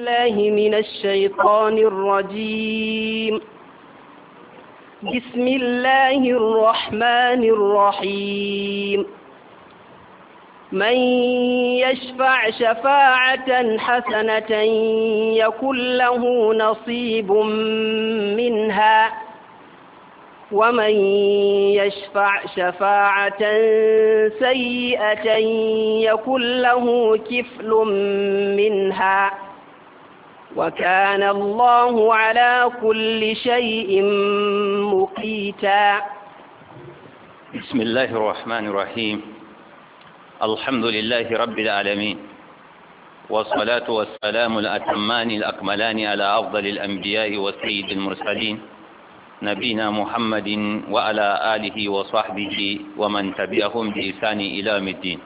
الله من الشيطان الرجيم بسم الله الرحمن الرحيم من يشفع شفاعة حسنة يكن له نصيب منها ومن يشفع شفاعة سيئة يكن له كفل منها وكان الله على كل شيء مقيتا بسم الله الرحمن الرحيم الحمد لله رب العالمين والصلاة والسلام الأتمان الأكملان على أفضل الأنبياء والسيد المرسلين نبينا محمد وعلى آله وصحبه ومن تبعهم بإحسان إلى الدين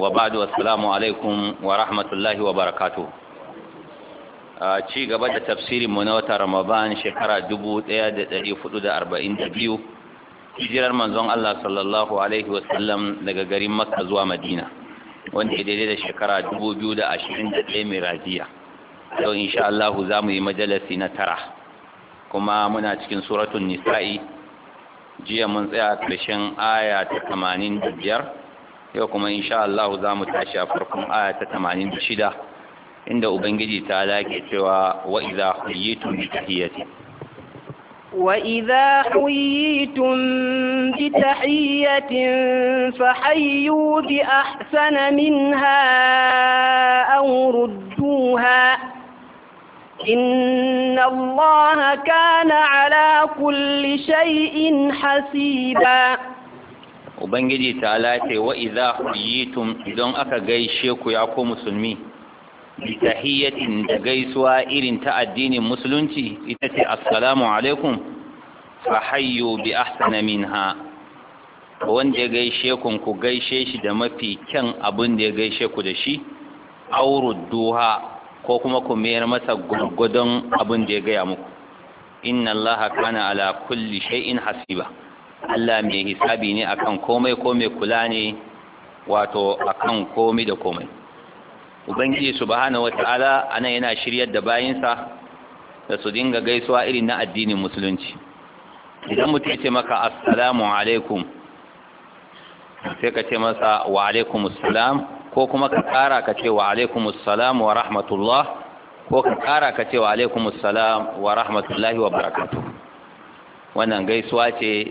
وبعد والسلام عليكم ورحمة الله وبركاته ci gaba da tafsirin mu na wata Ramadan shekara 1442 hijirar manzon Allah sallallahu alaihi wasallam daga garin Makka zuwa Madina wanda ya daidai da shekara 2021 miladiya to insha Allah za mu yi majalisi na tara kuma muna cikin suratul nisa'i jiya mun tsaya karshen aya ta 85 yau kuma insha Allah za mu tashi a farkon aya ta 86 inda ubangiji ta lake cewa wa idza huyitum bi tahiyyati wa idza huyitum bi tahiyyatin fa hayyu bi ahsana minha aw rudduha inna allaha kana ala kulli shay'in hasiba ubangiji ta lake wa idza huyitum idan aka gaishe ku ya ko musulmi bitahiyyatin da gaisuwa irin ta addinin musulunci ita ce assalamu alaikum fa hayyu bi ahsana minha wanda ya gaishe ku ku gaishe shi da mafi kyan abin da ya gaishe ku da shi auru duha ko kuma ku mayar masa gurgudun abin da ya gaya muku inna Allah kana ala kulli shay'in hasiba Allah mai hisabi ne akan komai ko mai kula ne wato akan komai da komai ubangiji subhanahu wataala anan yana shiryar da bayinsa da su dinga gaisuwa irin na addinin musulunci idan mutum ya ce maka assalamu alaikum sai ka ce masa wa alaikumussalam ko kuma ka kara ka ce wa alaikumussalam wa rahmatullah ko ka kara ka ce wa alaikumussalam wa rahmatullahi wa barakatuh wannan gaisuwa ce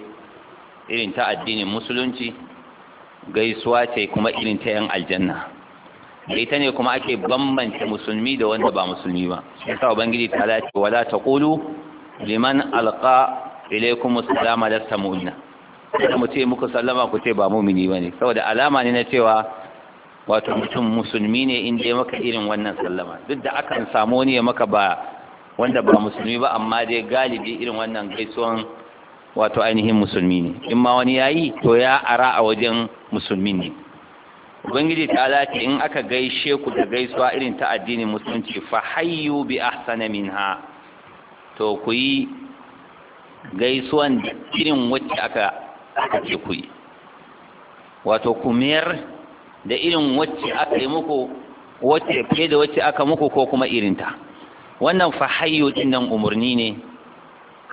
irin ta addinin musulunci gaisuwa ce kuma irin ta yan aljanna ita ne kuma ake bambance musulmi da wanda ba musulmi ba yasa ubangiji ta ala ce wala taqulu liman alqa ilaykum assalama lasta mu'mina kada mu ce muku sallama ku ce ba mu'mini bane saboda alama ne na cewa wato mutum musulmi ne in dai maka irin wannan sallama duk da aka samu ne maka ba wanda ba musulmi ba amma dai galibi irin wannan gaisuwan wato ainihin musulmi ne in ma wani yayi to ya ara a wajen musulmi ne ubangiji ta dace in aka gaishe ku da gaisuwa irin ta addinin musulunci fa hayyu bi ahsana minha to ku yi gaisuwan irin wacce aka aka ce ku yi wato ku mayar da irin wacce aka yi muku wacce fiye da wacce aka muku ko kuma irinta wannan fa hayyu din nan umurni ne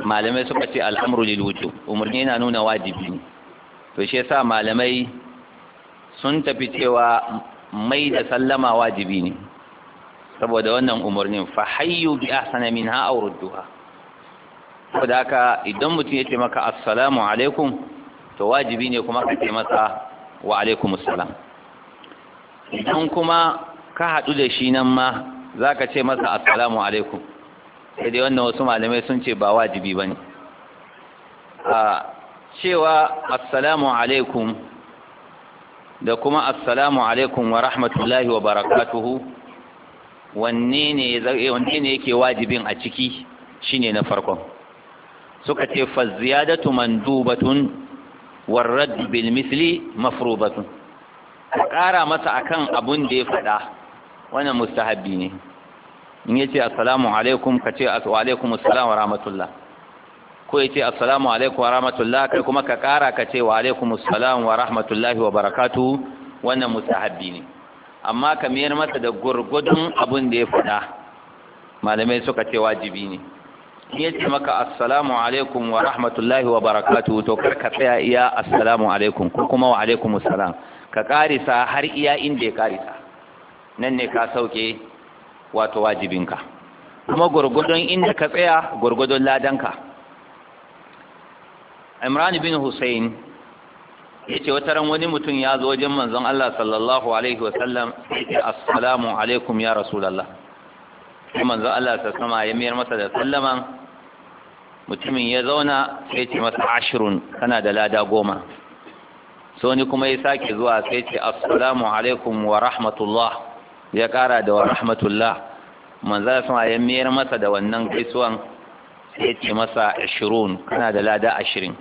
malamai suka ce al'amru lil wujub umurni yana nuna wajibi ne to shi yasa malamai sun tafi cewa mai da sallama wajibi ne saboda wannan umarnin fa hayyu bi ahsana minha aw rudduha saboda haka idan mutum ya ce maka assalamu alaikum to wajibi ne kuma ka ce masa wa alaikum assalam idan kuma ka haɗu da shi nan ma zaka ce masa assalamu alaikum sai dai wannan wasu malamai sun ce ba wajibi bane a cewa assalamu alaikum da kuma assalamu alaikum wa rahmatullahi wa barakatuhu wanne ne eh, wanne yake wajibin a ciki shine na farkon suka ce fa ziyadatu mandubatun Warrad radd bil misli mafrubatun ka ƙara masa akan abun da ya faɗa wannan mustahabbi ne in yace assalamu alaikum ka ce wa alaikum assalam wa rahmatullah ko ya ce assalamu alaikum wa rahmatullah kai kuma ka kara ka ce wa alaikum assalamu wa rahmatullahi wa barakatu wannan mustahabbi ne amma ka mayar masa da gurgudun abin da ya faɗa malamai suka ce wajibi ne ya ce maka assalamu alaikum wa rahmatullahi wa barakatu to kar ka tsaya iya assalamu alaikum ko kuma wa alaikum assalam ka karisa har iya inda ya karisa nan ne ka sauke wato wajibinka kuma gurgudun inda ka tsaya gurgudun ladanka imran bin Hussein ya ce wata ran wani mutum ya zo wajen manzon Allah sallallahu alaihi wa sallam assalamu alaikum ya rasulullah sai manzon Allah ta sama ya miyar masa da sallaman mutumin ya zauna sai ce masa ashrun kana da lada goma sai wani kuma ya sake zuwa sai ce assalamu alaikum wa rahmatullah ya kara da wa rahmatullah manzon sama ya miyar masa da wannan gaisuwan sai ce masa ashrun kana da lada ashirin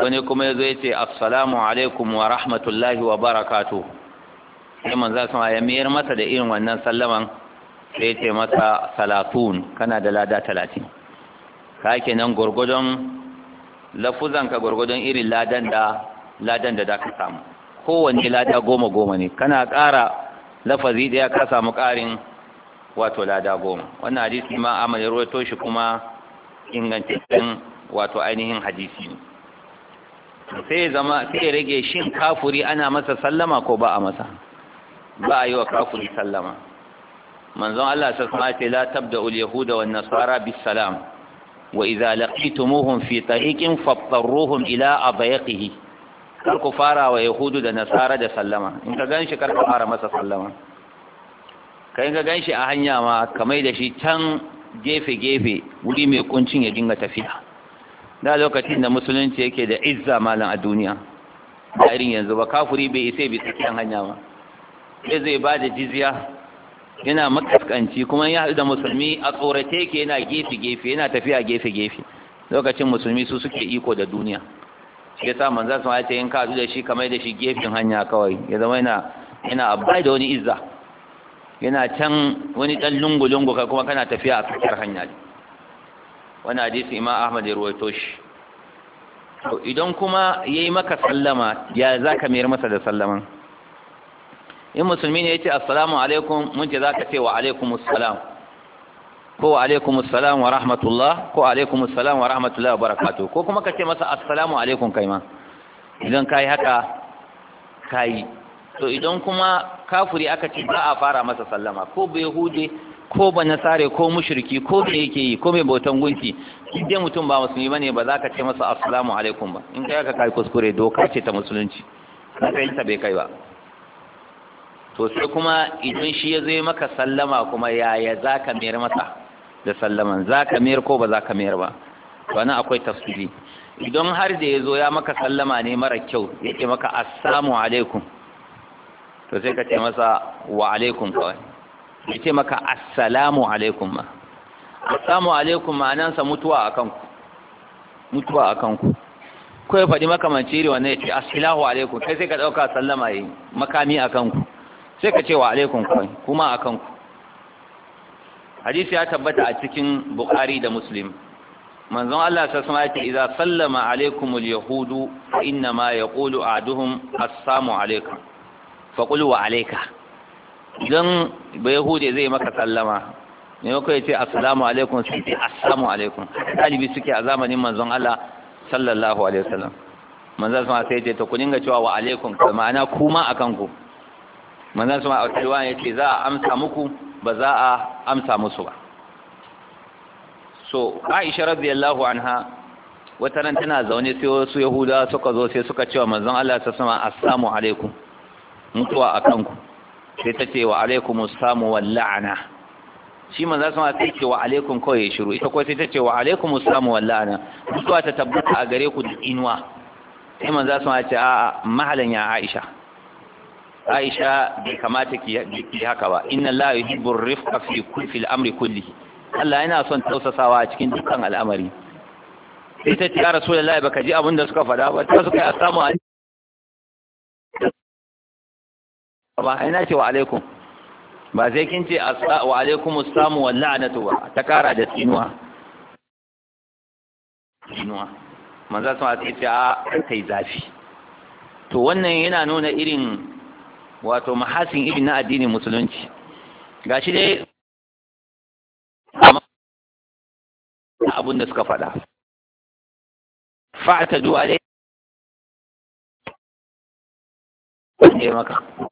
wani kuma ya zo ya ce assalamu alaikum wa rahmatullahi wa barakatu sai su ma ya miyar masa da irin wannan sallaman sai ya ce masa salatun kana da lada talatin ka ke nan lafuzan ka gwargwadon irin ladan da ladan da ka samu kowanne lada goma goma ne kana ƙara lafazi daya ka samu ƙarin wato lada goma wannan hadisi ma amal ya ruwaito shi kuma ingantaccen wato ainihin hadisi ne sai zama sai rage shin kafuri ana masa sallama ko ba a masa ba a yi wa kafuri sallama manzon Allah sassama ce la tabda ul yahuda wan nasara bis salam wa idza laqitumuhum fi tariqin fattaruhum ila adyaqihi kar ku fara wa yahudu da nasara da sallama in ka ganshi kar ka fara masa sallama kai ka ganshi a hanya ma kamar da shi can gefe gefe wuri mai kuncin ya dinga tafiya da lokacin da musulunci yake da izza malam a duniya da irin yanzu ba kafuri bai isa bi tsakiyar hanya ba sai zai ba da jizya yana makaskanci kuma ya haɗu da musulmi a tsorace yake yana gefe gefe yana tafiya gefe gefe lokacin musulmi su suke iko da duniya shi yasa manzon sun ce in ka haɗu da shi kamar da shi gefen hanya kawai ya zama yana yana abai da wani izza yana can wani ɗan lungu-lungu kai kuma kana tafiya a tsakiyar hanya ne wani hadisi imam ahmad ya ruwaito shi idan kuma ya yi maka sallama ya za ka mayar masa da sallaman in musulmi ne ya ce assalamu alaikum mun ce za ka ce wa alaikum salam ko wa alaikum salam wa rahmatullah ko alaikum salam wa rahmatullah wa barakatuh ko kuma ka ce masa assalamu alaikum kai ma idan ka yi haka ka yi to idan kuma kafuri aka ce ba a fara masa sallama ko bai hude ko ba nasare ko mushriki ko me yake yi ko me bautan gunki idan mutum ba musulmi bane ba za ka ce masa assalamu alaikum ba in kai ka kai kuskure doka ce ta musulunci Ka kai ta bai kai ba to sai kuma idan shi ya zo maka sallama kuma yaya za ka mayar masa da sallaman za ka mayar ko ba za ka mayar ba wani akwai tafsiri idan har da ya zo ya maka sallama ne mara kyau yake maka assalamu alaikum to sai ka ce masa wa alaikum kawai Mai ce maka assalamu alaikum ma assalamu alaikum sa mutuwa akan ku mutuwa a kanku ko ya faɗi man ciri wannan ya ce assalamu alaikum kai sai ka ɗauka sallama yi makami a kanku sai ka ce wa alaikum kai, kuma a kanku hadisi ya tabbata a cikin Bukhari da muslim manzon Allah sai sama yake idza sallama alaikumul yahudu fa inna ma yaqulu aduhum assalamu alaikum fa qulu wa alaikum idan hude zai maka sallama ne ya ce assalamu alaikum sai ce assalamu alaikum talibi suke a zamanin manzon Allah sallallahu alaihi wasallam manzon sama sai ce to ku dinga cewa wa alaikum ma'ana kuma akan ku manzon sama a cewa ce za a amsa muku ba za a amsa musu ba so Aisha radiyallahu anha wata nan tana zaune sai wasu Yahuda suka zo sai suka cewa manzon Allah sallallahu alaihi wasallam assalamu alaikum mutuwa akan ku sai ta ce wa alaikum samu wal la'ana shi manzo su ma ce wa alaikum kawai ya shiru ita kawai sai ta ce wa alaikum samu wal la'ana mutuwa ta tabbata a gare ku da inuwa sai manzo sama ce a mahalan ya Aisha Aisha bai kamata ki haka ba inna la yuhibbu rifqa fi kulli amri kulli Allah yana son tausasawa a cikin dukkan al'amari sai ta ce ya rasulullahi baka ji abin da suka faɗa ba ta suka yi asamu a ba ina ce wa alaikum ba zai kin ce wa alaikum assamu wa la'natu ba ta kara da tsinuwa tsinuwa manzo sun a ce a kai zafi to wannan yana nuna irin wato mahasin ibn addini musulunci gashi dai abun da suka fada fa'ata du'a dai wanda maka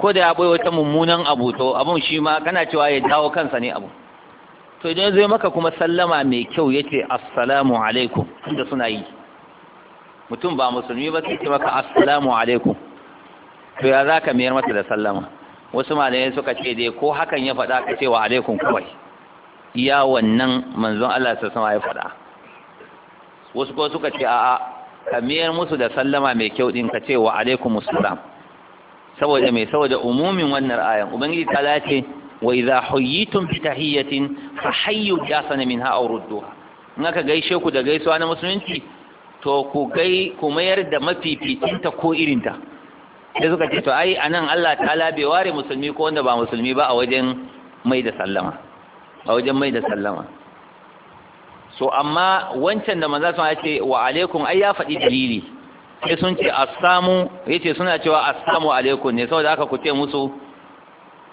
ko da ya bai wata mummunan abu to abun shi ma kana cewa ya dawo kansa ne abu to idan zai maka kuma sallama mai kyau yace assalamu alaikum inda suna yi mutum ba musulmi ba sai maka assalamu alaikum to ya zaka mayar masa da sallama wasu malamai suka ce dai ko hakan ya faɗa ka ce wa alaikum kawai iya wannan manzon Allah sai sama ya faɗa wasu ko suka ce a'a ka mayar musu da sallama mai kyau din ka ce wa alaikumus salam saboda mai saboda umumin wannan ayan ubangiji ta lace wa idza huyitum bi tahiyatin fa hayyu bi minha aw rudduha in aka gaishe ku da gaisuwa na musulunci to ku gai ku mayar da mafificinta ko irinta sai suka ce to ai anan Allah ta'ala bai ware musulmi ko wanda ba musulmi ba a wajen mai da sallama a wajen mai da sallama so amma wancan da manzo sun ce wa alaikum ai ya faɗi dalili sai sun ce assamu yace suna cewa assamu alaikum ne saboda aka ku ce musu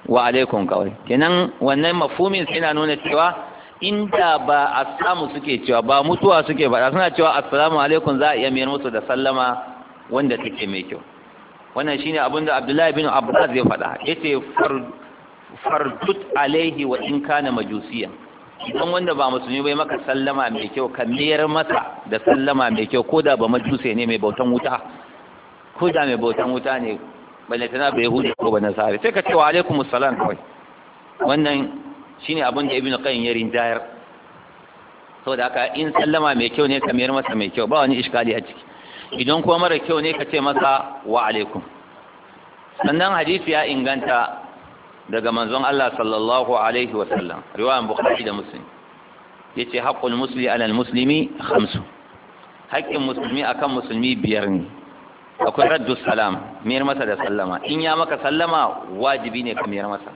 wa alaikum kawai kenan wannan mafumin sai nuna cewa inda ba assamu suke cewa ba mutuwa suke ba suna cewa assalamu alaikum za a iya mayar musu da sallama wanda take mai kyau wannan shine abin Abdullahi bin Abbas ya faɗa yace fardut alaihi wa in kana majusiyan idan wanda ba musulmi bai maka sallama mai kyau ka mayar masa da sallama mai kyau ko da ba majuse ne mai bautan wuta ko da mai bautan wuta ne balle tana bai hudu ko ba tsari. sai ka ce wa alaikum assalam kawai wannan shine abin da ibnu qayyim ya rinjayar saboda haka in sallama mai kyau ne ka mayar masa mai kyau ba wani iskali a ciki idan kuma mara kyau ne ka ce masa wa alaikum sannan hadisi ya inganta daga manzon Allah sallallahu alaihi wa sallam riwayan bukhari da muslim yace haqqul muslimi ala muslimi khamsu haƙƙin musulmi akan musulmi biyar ne akwai raddu salam miyar masa da sallama in ya maka sallama wajibi ne ka miyar masa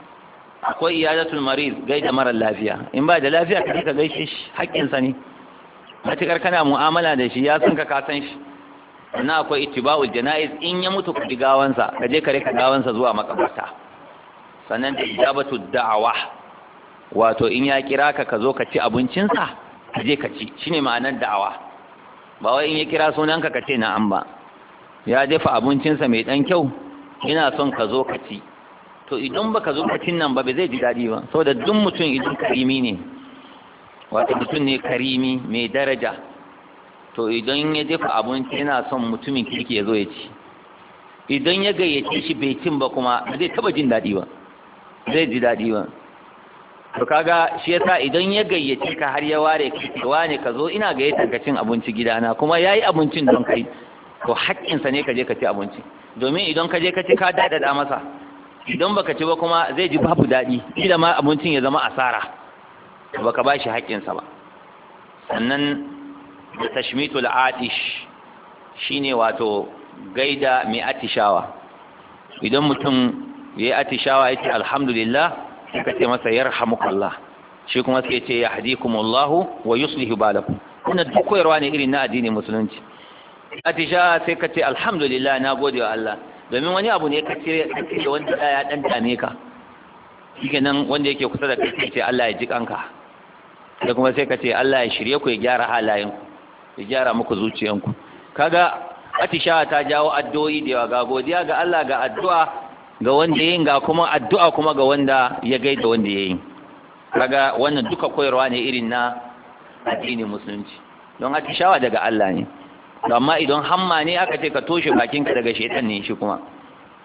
akwai iyadatul marid da mara lafiya in ba da lafiya ka ka gaishe shi haƙƙin sa ne matukar kana mu'amala da shi ya san ka kasan shi na akwai ittiba'ul janaiz in ya mutu ku gawansa ka je ka gawansa zuwa makabarta sannan da ijabatu da'awa wato in ya kira ka ka zo ka ci abincinsa ka je ka ci shine ma'anar da'awa ba wai in ya kira sunanka ka ce na'am ba ya jefa abincinsa mai dan kyau ina son ka zo ka ci to idan baka zo ka ci nan ba bai zai ji daɗi ba saboda duk mutum idan karimi ne wato mutum ne karimi mai daraja to idan ya jefa abinci yana son mutumin kirki ya zo ya ci idan ya gayyace shi bai cin ba kuma zai taba jin daɗi ba zai ji daɗi ba to kaga shi yasa idan ya gayyace ka har ya ware kawa ne ka zo ina gayyata ka cin abinci gidana kuma ya yi abincin don kai to haƙƙinsa ne ka je ka ci abinci domin idan ka je ka ci ka daɗaɗa masa idan baka ci ba kuma zai ji babu daɗi kila ma abincin ya zama asara baka ba shi haƙƙinsa ba sannan da tashmitul atish shine wato gaida mai atishawa idan mutum yayi atishawa ce alhamdulillah sai ka ce masa yarhamukallah shi kuma sai ce Allahu, wa yuslihu balakum wannan duk koyarwa ne irin na addinin musulunci atishawa sai ka ce alhamdulillah na gode wa Allah domin wani abu ne ka ce da wanda ya dan dame ka shike nan wanda yake kusa da kai ce Allah ya ji kanka Sai kuma sai ka ce Allah ya shirye ku ya gyara halayen ku ya gyara muku zuciyanku kaga atishawa ta jawo addu'o'i da yawa ga godiya ga Allah ga addu'a ga wanda yin ga kuma addu'a kuma ga wanda ya gaida wanda ya yi kaga wannan duka koyarwa ne irin na addini musulunci don shawa daga Allah ne amma idan hamma ne aka ce ka toshe bakinka daga shaitan ne shi kuma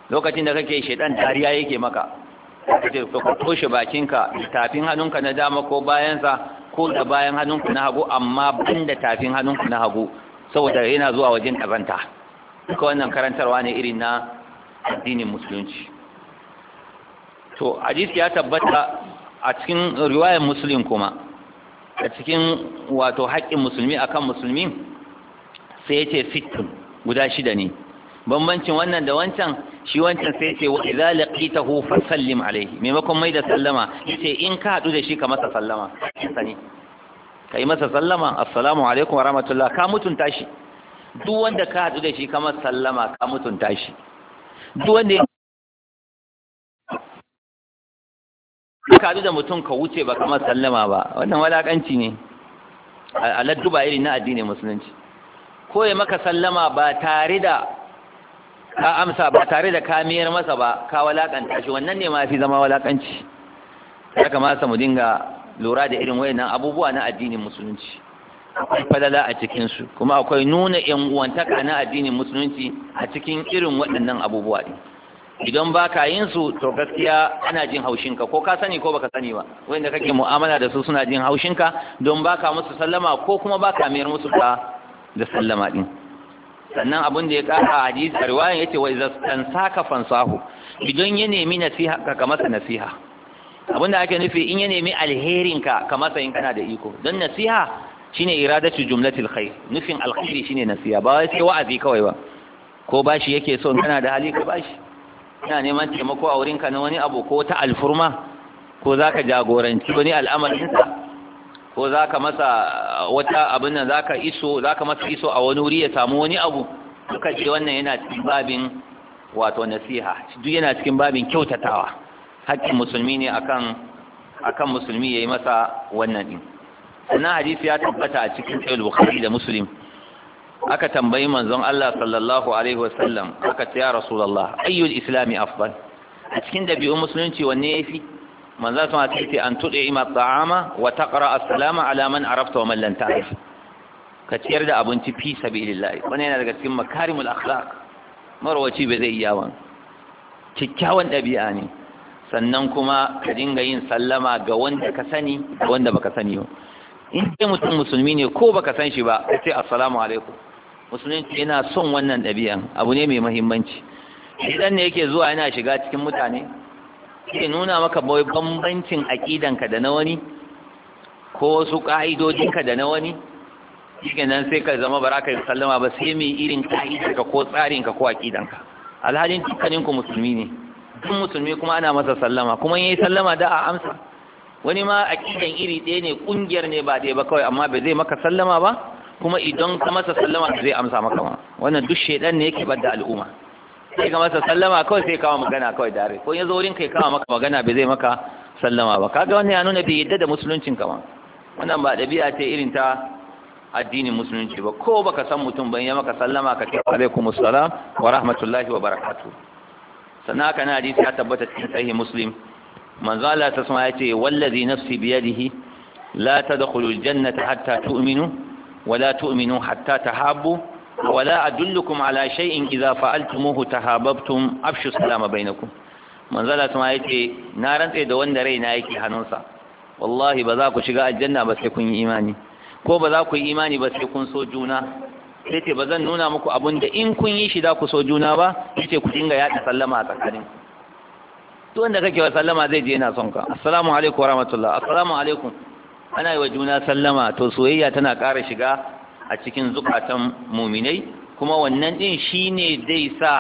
lokacin da kake shaitan tariya yake maka aka ce ka toshe bakinka tafin hannunka na dama ko bayansa ko da bayan hannunka na hagu amma ban da tafin hannunka na hagu saboda yana zuwa wajen kazanta duka wannan karantarwa ne irin na addinin musulunci to hadisi ya tabbata a cikin riwayar muslim kuma a cikin wato haƙƙin musulmi akan musulmi sai ya ce sittin guda shida ne bambancin wannan da wancan shi wancan sai ce wa idza laqitahu fasallim alayhi maimakon mai da sallama yace in ka hadu da shi ka masa sallama sani kai masa sallama assalamu alaikum wa rahmatullah ka mutunta shi duk wanda ka hadu da shi ka masa sallama ka mutunta shi duk ka da mutum ka wuce ba kamar sallama ba wannan walakanci ne a ladduba irin na addinin musulunci ko ya maka sallama ba tare da ka amsa ba tare da ka miyar masa ba ka walakanta shi wannan ne ma fi zama walakanci ya kamata mu dinga lura da irin wayannan abubuwa na addinin musulunci akwai falala a cikinsu kuma akwai nuna yan uwantaka na addinin musulunci a cikin irin waɗannan abubuwa ɗin idan ba ka yin su to gaskiya ana jin haushinka ko ka sani ko baka sani ba wanda kake mu'amala da su suna jin haushinka don ba ka musu sallama ko kuma ba ka mayar musu da da sallama ɗin sannan abin da ya ƙara a hadisi a riwayan yace wa idza saka fansahu idan ya nemi nasiha ka masa nasiha abin da ake nufi in ya nemi alherinka ka masa in kana da iko don nasiha shine iradatu jumlatil khair nufin alkhairi shine nasiya ba wai sai wa'azi kawai ba ko bashi yake so kana da hali ka bashi Kana neman taimako a wurinka na wani abu ko ta alfurma ko zaka jagoranci wani al'amarin sa ko zaka masa uh, wata abin nan zaka iso zaka masa iso a wani wuri ya samu wani abu duka ce wannan yana cikin babin wato nasiha duk yana cikin babin kyautatawa haƙƙin musulmi ne akan akan musulmi yayi masa wannan din sannan hadisi ya tabbata a cikin sahih bukhari da muslim aka tambayi manzon Allah sallallahu alaihi wasallam aka ce ya rasulullah ayyul islami afdal a cikin dabi'un musulunci wanne yafi manzon sama ta ce an tudi ima ta'ama wa taqra as-salama ala man arafta wa man lam ta'rif ka ciyar da abinci fi sabilillah wannan yana daga cikin makarimul akhlaq marwaci bai zai iya ba kikkiawan dabi'a ne sannan kuma ka dinga yin sallama ga wanda ka sani ga wanda baka sani ba in dai mutum musulmi ne ko baka san shi ba sai assalamu alaikum musulunci yana son wannan ɗabi'an abu ne mai muhimmanci idan ne yake zuwa yana shiga cikin mutane ke nuna maka bai bambancin aƙidanka da na wani ko wasu ka da na wani shi nan sai ka zama bara ka yi sallama ba sai mai irin ka ko tsarin ka ko aƙidanka alhalin dukkaninku musulmi ne duk musulmi kuma ana masa sallama kuma yayi sallama da a amsa wani ma kiran iri ɗaya ne ƙungiyar ne ba ɗaya ba kawai amma bai zai maka sallama ba kuma idan ka masa sallama zai amsa maka ma wannan duk shaidan ne yake bada al'umma sai ka masa sallama kawai sai kawo magana kawai dare ko ya zo wurin kai kawo maka magana bai zai maka sallama ba kaga wannan ya nuna bai yadda da musuluncin ka ba wannan ba ɗabi'a ce irin ta addinin musulunci ba ko baka san mutum ban ya maka sallama ka ce alaikum assalam wa rahmatullahi wa barakatuh sannan haka na hadisi ya tabbata cikin sahih muslim manzo Allah ta sama yace wallazi nafsi biyadihi la tadkhulul jannata hatta tu'minu wala tu'minu hatta tahabbu wala adullukum ala shay'in idza fa'altumuhu tahabbtum afshu salama bainakum manzo Allah ta yace na rantse da wanda raina yake hannunsa wallahi ba za ku shiga aljanna ba sai kun yi imani ko ba za ku yi imani ba sai kun so juna sai ce ba zan nuna muku abun da in kun yi shi za ku so juna ba yace ku dinga yaɗa sallama a tsakanin duk wanda kake wa sallama zai je yana son ka assalamu alaikum wa rahmatullah assalamu alaikum ana yi wa juna sallama to soyayya tana ƙara shiga a cikin zukatan muminai kuma wannan din shi ne zai sa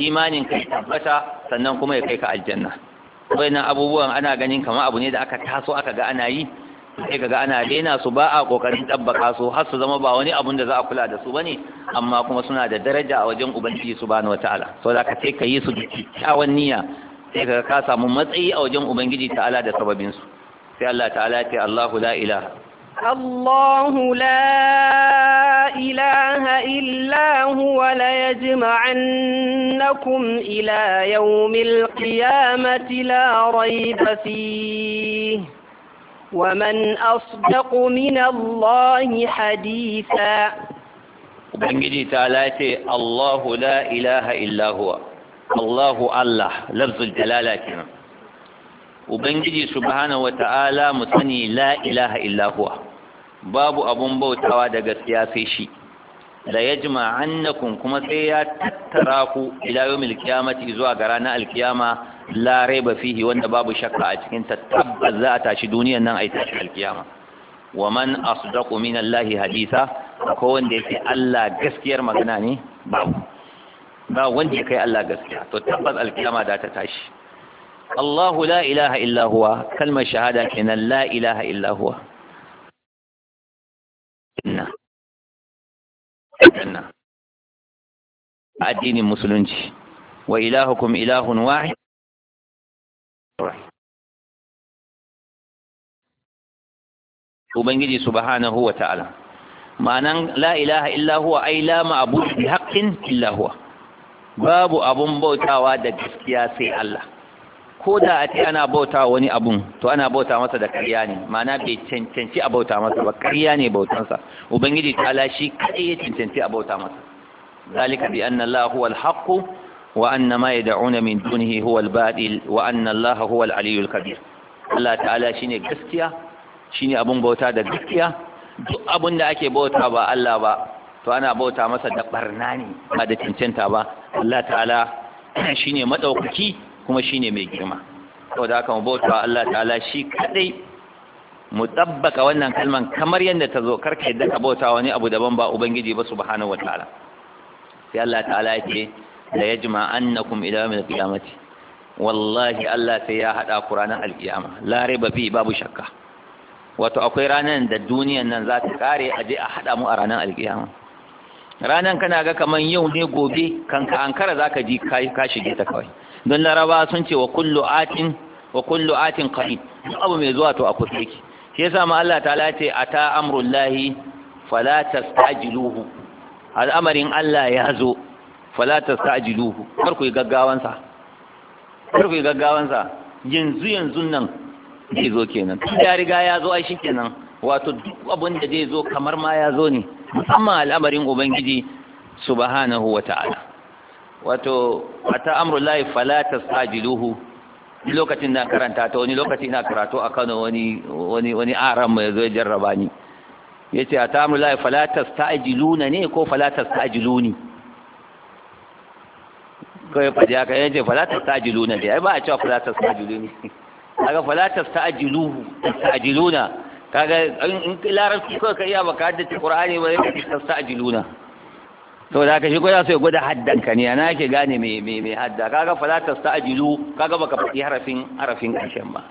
imanin ka tabbata sannan kuma ya kai ka aljanna nan abubuwan ana ganin kamar abu ne da aka taso aka ga ana yi sai ga ana daina su ba a kokarin tabbaka su har su zama ba wani abun da za a kula da su bane amma kuma suna da daraja a wajen ubangiji subhanahu wataala so da ka sai ka yi su da kyakkyawan niyya sai ka ka samu matsayi a wajen ubangiji ta'ala da sababin su sai Allah ta'ala ce Allahu la ilaha Allahu la ilaha illa huwa la yajma'annakum ila yawmil qiyamati la rayba fihi ومن أصدق من الله hadisa. ubangiji ta ce Allahu la ilaha illa huwa Allahu Allah lafzul jalala kenan ubangiji subhanahu ta'ala mu sani la ilaha illa babu abun bautawa da gaskiya sai shi la yajma kuma sai ya tattara ku ila yawmil zuwa ga ranar alkiyama la raiba fihi wanda babu shakka a cikin ta tabbas za a tashi duniyar nan yi tashi alkiyama wa man asdaqu min haditha akwai wanda Allah gaskiyar magana ne babu ba wanda ya kai Allah gaskiya to tabbas alkiyama da ta tashi Allahu la ilaha illa huwa kalmar shahada kenan la ilaha illa huwa inna inna addinin musulunci wa ilahukum ilahun wahid ubangiji subhanahu wa ta'ala ma'anan la ilaha illa huwa la ma'budu bi haƙƙin illa babu abun bautawa da gaskiya sai Allah ko da a ce ana bauta wani abun to ana bauta masa da ƙarya ne ma'ana bai cancanci a bauta masa ba ƙarya ne bautansa ubangiji ta shi kaɗai ya cancanci a bauta masa zalika bi anna Allah huwa al-haqq wa anna ma yad'una min dunihi huwa al wa anna Allah huwa al kabir Allah ta'ala shine gaskiya shine abun bauta da gaskiya duk abun da ake bauta ba Allah ba to ana bauta masa da barna ne ba da cancanta ba Allah ta'ala ne madaukaki kuma ne mai girma saboda haka mu Allah ta'ala shi kadai mu tabbaka wannan kalman kamar yadda ta zo karka yadda ka bauta wani abu daban ba ubangiji ba subhanahu Ta'ala. sai Allah ta'ala yake la yajma annakum ila yawmil qiyamati wallahi Allah sai ya hada ku ranar alkiyama la riba fi babu shakka wato akwai ranar da duniyan nan za ta kare a a hada mu a ranar alkiyama ranan kana ga kaman yau ne gobe kanka ka ankara zaka ji kai ka shige ta kawai don laraba sun ce wa kullu atin wa kullu atin qarin abu mai zuwa to akwai yake shi yasa ma Allah ta'ala ce ata amrullahi fala tastajiluhu al'amarin Allah ya zo fala tastajiluhu kar ku yi gaggawan sa kar ku yi gaggawan sa yanzu yanzu nan zai zo kenan ya riga ya zo ai shikenan wato duk abin da zai zo kamar ma ya zo ne musamman al'amarin ubangiji subhanahu wa ta'ala wato ata amrullahi fala tastajiluhu lokacin na karanta ta wani lokaci na karatu a Kano wani wani wani aran mai zo jarraba ni yace ata amrullahi fala tastajiluna ne ko fala tastajiluni kai faɗi haka yace fala tastajiluna ne? ai ba a cewa fala tastajiluni kaga fala tastajiluhu tastajiluna kaga in larabci kawai ka iya baka haddace qur'ani ba yake tasajiluna to da ka ko ya so ya gwada haddan ka ne ana yake gane me me me hadda kaga fa la ajilu kaga baka faɗi harafin harafin ƙarshen ba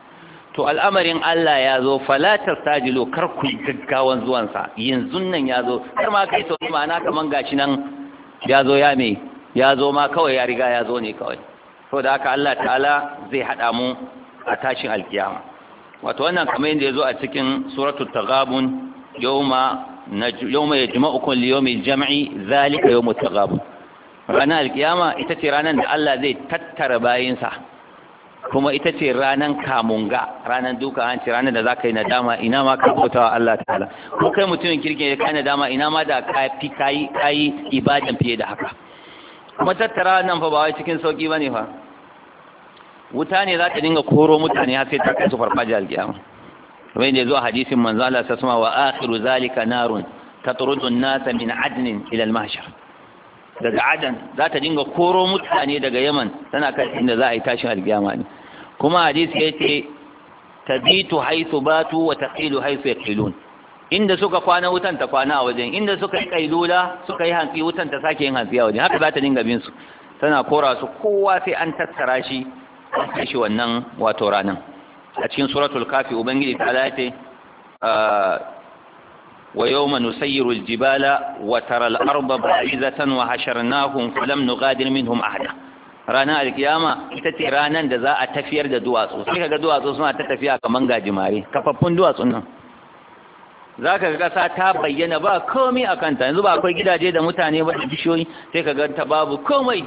to al'amarin Allah ya zo fa la fala ajilu kar ku gaggawan zuwan sa yanzu nan ya zo kar ma kai to na kaman gashi nan ya zo ya me ya zo ma kawai ya riga ya zo ne kawai saboda haka Allah ta'ala zai haɗa mu a tashin alkiyama wato wannan kamar yadda ya zo a cikin suratul taghabun yawma yawma yajma'ukum li mai jam'i zalika yawmut taghabun ranar alkiyama ita ce ranar da Allah zai tattara bayinsa kuma ita ce ranar kamunga ranar duka an ce, ranar da za ka yi nadama ina ma ka bauta wa Allah ta'ala ko kai mutumin kirkin ya kai nadama ina ma da ka fi kayi kayi ibadan fiye da haka kuma tattara nan fa ba wai cikin sauki bane fa wuta ne za ta dinga koro mutane har sai ta kai su farfajiya alkiyama kamar yadda zuwa hadisin manzo Allah ta sama wa akhiru zalika narun tatrudu an-nasa min adnin ila al-mahshar daga adan za ta dinga koro mutane daga yaman tana kai inda za a yi tashin alkiyama ne kuma hadisi yace tabitu haythu batu wa taqilu haythu yaqilun inda suka kwana wutan ta kwana a wajen inda suka yi kailula suka yi hantsi wutan ta sake yin hantsi a wajen haka za ta dinga bin su tana kora su kowa sai an tattara shi an wannan wato ranan a cikin suratul kafi ubangiji ta lati ah, wa yawma nusayyiru aljibala wa tara al-arda ba'izatan wa hasharnahum falam nughadir minhum ahada ranar alkiyama ita ce ranar da za a tafiyar da duwatsu sai kaga duwatsu suna ta tafiya kaman gajimare kafaffun duwatsun nan za ka ga ƙasa ta bayyana ba komai a kanta yanzu ba akwai gidaje da mutane ba da bishiyoyi sai ka ga ta babu komai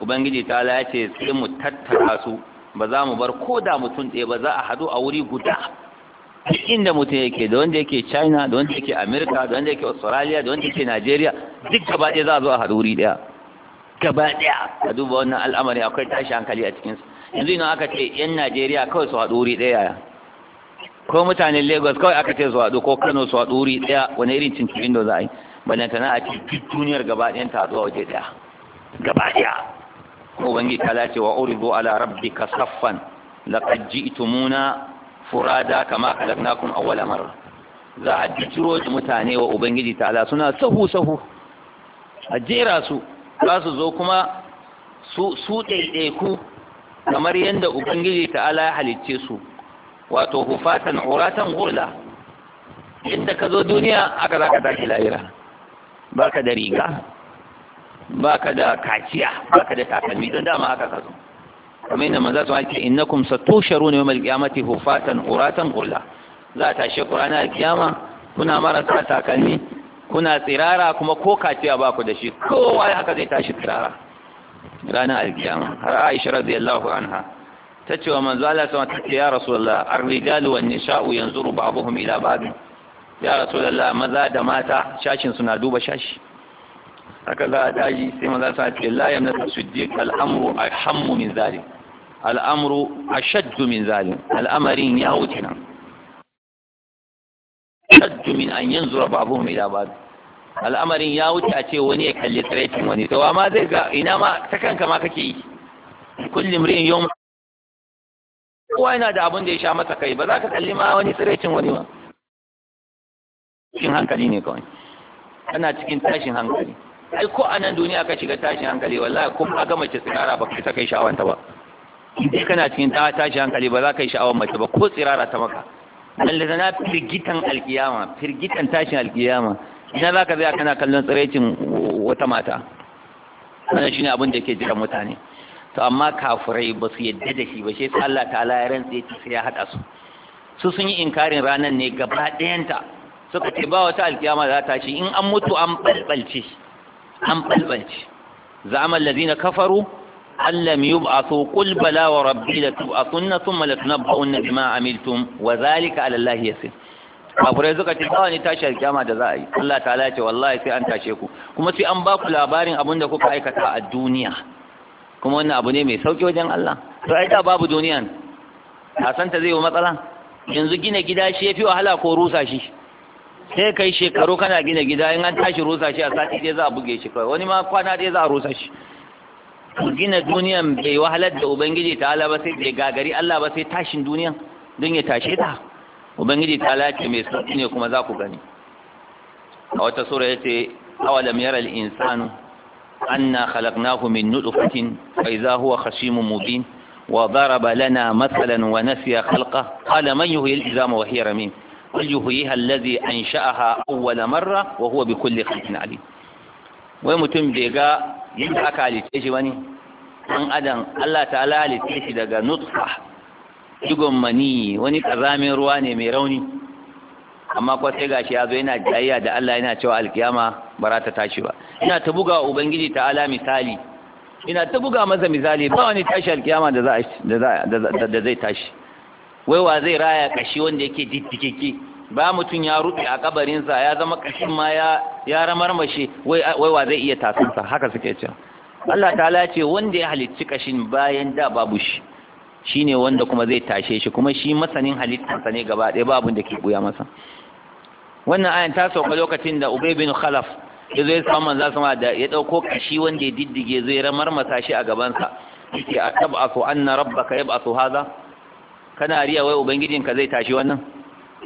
ubangiji ta ya ce sai mu tattara su ba za mu bar ko da mutum ɗaya ba za a haɗu a wuri guda duk inda mutum yake da wanda yake china da wanda yake america da wanda yake australia da wanda yake nigeria duk gaba ɗaya za a zo a haɗu wuri ɗaya gaba ɗaya a duba wannan al'amari akwai tashi hankali a cikinsu yanzu ina aka ce yan nigeria kawai su haɗu wuri ɗaya ko mutanen lagos kawai aka ce su haɗu ko kano su haɗu wuri ɗaya wani irin cinkirin da za a yi na a cikin duniyar gaba ɗayan ta haɗu a waje ɗaya gaba ɗaya ubangiji ta dace wa uridu ala rabbika saffan laqad ji'tumuna furada kama khalaqnakum awwala marra za a jiro da mutane wa ubangiji ta'ala suna sahu sahu a jera su za su zo kuma su su ku kamar yadda ubangiji ta'ala ya halicce su wato hufatan uratan gurla inda ka zo duniya aka za ka tashi lahira ba ka da riga baka da kaciya baka da takalmi don dama haka ka zo kamar yadda manzo sun ce innakum satusharuna yawmal qiyamati hufatan uratan qulla za ta shi qur'ana kiyama kuna marasa takalmi kuna tsirara kuma ko kaciya ba ku da shi kowa haka zai tashi tsirara ranar alkiyama har Aisha radiyallahu anha ta ce wa manzo Allah sama ta ce ya rasulullah ar-rijalu wan nisa'u yanzuru ba'dhum ila ba'd ya rasulullah maza da mata shashin suna duba shashi haka za a daji sai maza sa ce la yamna tasuddiq al'amru ahammu min zalim al'amru shaddu min zalim al'amarin ya wuce nan shaddu min an yanzura babuhum mai labar al'amarin ya wuce a ce wani ya kalli tsiraitin wani to ma zai ga ina ma ta kanka ma kake yi kullum rin yau kowa yana da abin da ya sha masa kai ba za ka kalli ma wani tsiraicin wani ba cikin hankali ne kawai ana cikin tashin hankali ai ko a nan duniya ka shiga tashin hankali wallahi kuma ga mace tsirara ba kai ta kai sha'awanta ba idan kana cikin ta tashin hankali ba za ka yi sha'awar mace ba ko tsirara ta maka da na firgitan alkiyama firgitan tashin alkiyama ina za ka zai kana kallon tsiraicin wata mata wannan shine abin da ke jira mutane to amma kafurai ba su yadda da shi ba shi sai Allah ta'ala ya rantse sai ya hada su su sun yi inkarin ranar ne gaba ɗayanta suka ce ba wata alkiyama za ta shi in an mutu an balbalce shi an balbalce za'amal ladina kafaru allam yub'athu qul bala wa rabbi la tub'athunna thumma la tunabba'unna bima amiltum wa zalika 'ala allahi yasir kafirai suka ce ba ni tashi alkiyama da za a yi Allah ta'ala ce wallahi sai an tashe ku kuma sai an ba ku labarin abin da kuka aikata a duniya kuma wannan abu ne mai sauki wajen Allah to ai da babu duniyan ta san ta zai yi matsala yanzu gina gida shi yafi wahala ko rusa shi sai kai shekaru kana gina gida in an tashi rusa shi a sati ɗaya za a buge shi kawai wani ma kwana ɗaya za a rusa shi gina duniyan bai wahalar da ubangiji ta ala ba sai bai gagari Allah ba sai tashin duniyan don ya tashe ta ubangiji ta ala ce mai sauki ne kuma za ku gani a wata sura ya ce awalam yara al'insanu anna khalaqnahu min nutfatin fa idza huwa khashimun mubin wa daraba lana mathalan wa nasiya khalqa qala man yuhyi izama wa hiya ramim qul yuhyiha allazi ansha'aha awwala marra wa huwa bi kulli khalqin alim wai mutum bai ga yadda aka halitta shi bane an adam Allah ta'ala halitta shi daga nutfa digon mani wani kazamin ruwa ne mai rauni amma kuwa sai gashi ya zo yana jayayya da Allah yana cewa alkiyama ba za ta tashi ba ina ta buga wa ubangiji ta'ala misali ina ta buga masa misali ba wani tashi alkiyama da zai tashi wai wa zai raya kashi wanda yake jijjikeke ba mutum ya rufe a kabarinsa ya zama kashin ma ya ya mashi wai wa zai iya sa, haka suke cewa Allah ta'ala ce wanda ya halicci kashin bayan da babu shi shine wanda kuma zai tashe shi kuma shi masanin halittarsa ne gaba ɗaya babu da ke buya masa wannan ayan ta sauka lokacin da Ubay bin Khalaf ya zo ya samu manza sama da ya dauko kashi wanda ya diddige zai ramar masa shi a gabansa yake atab'asu anna rabbaka yab'asu hadha kana riya wai ubangijin ka zai tashi wannan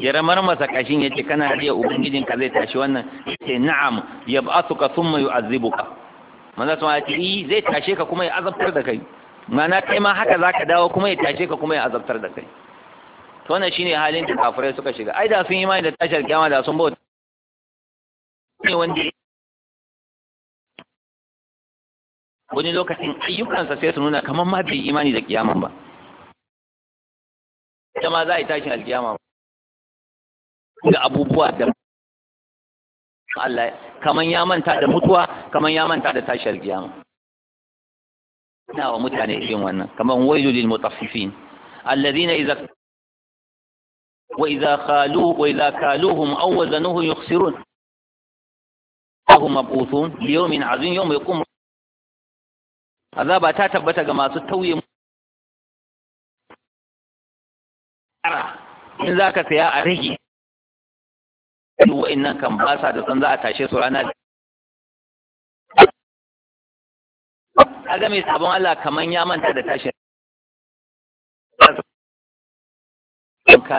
ya ramar masa kashin ya ce kana riya ka zai tashi wannan ya ce na'am ya ba'asuka summa yu'azzibuka manzo sama ya ce zai tashe ka kuma ya azabtar da kai mana kai ma haka za ka dawo kuma ya tashe ka kuma ya azabtar da kai to wannan shine halin da kafirai suka shiga ai da sun yi mai da tashar kiyama da sun bauta ne wanda wani lokacin ayyukansa sai su nuna kamar ma bai imani da kiyaman ba ita ma za a yi tashin alkiyama da abubuwa da Allah kaman ya manta da mutuwa kaman ya manta da tashin alkiyama ina wa mutane irin wannan kaman wailu lil mutaffifin alladhina idza wa idza qalu wa idza qaluhum aw wazanuhu yukhsirun وهم مبعوثون ليوم عظيم يوم يقوم azaba ta tabbata ga masu tauye ƙara in za ka saya a rage wa'in nan kan ba sa da san za a tashe su ranar ga mai sabon Allah kamar ya manta da tashin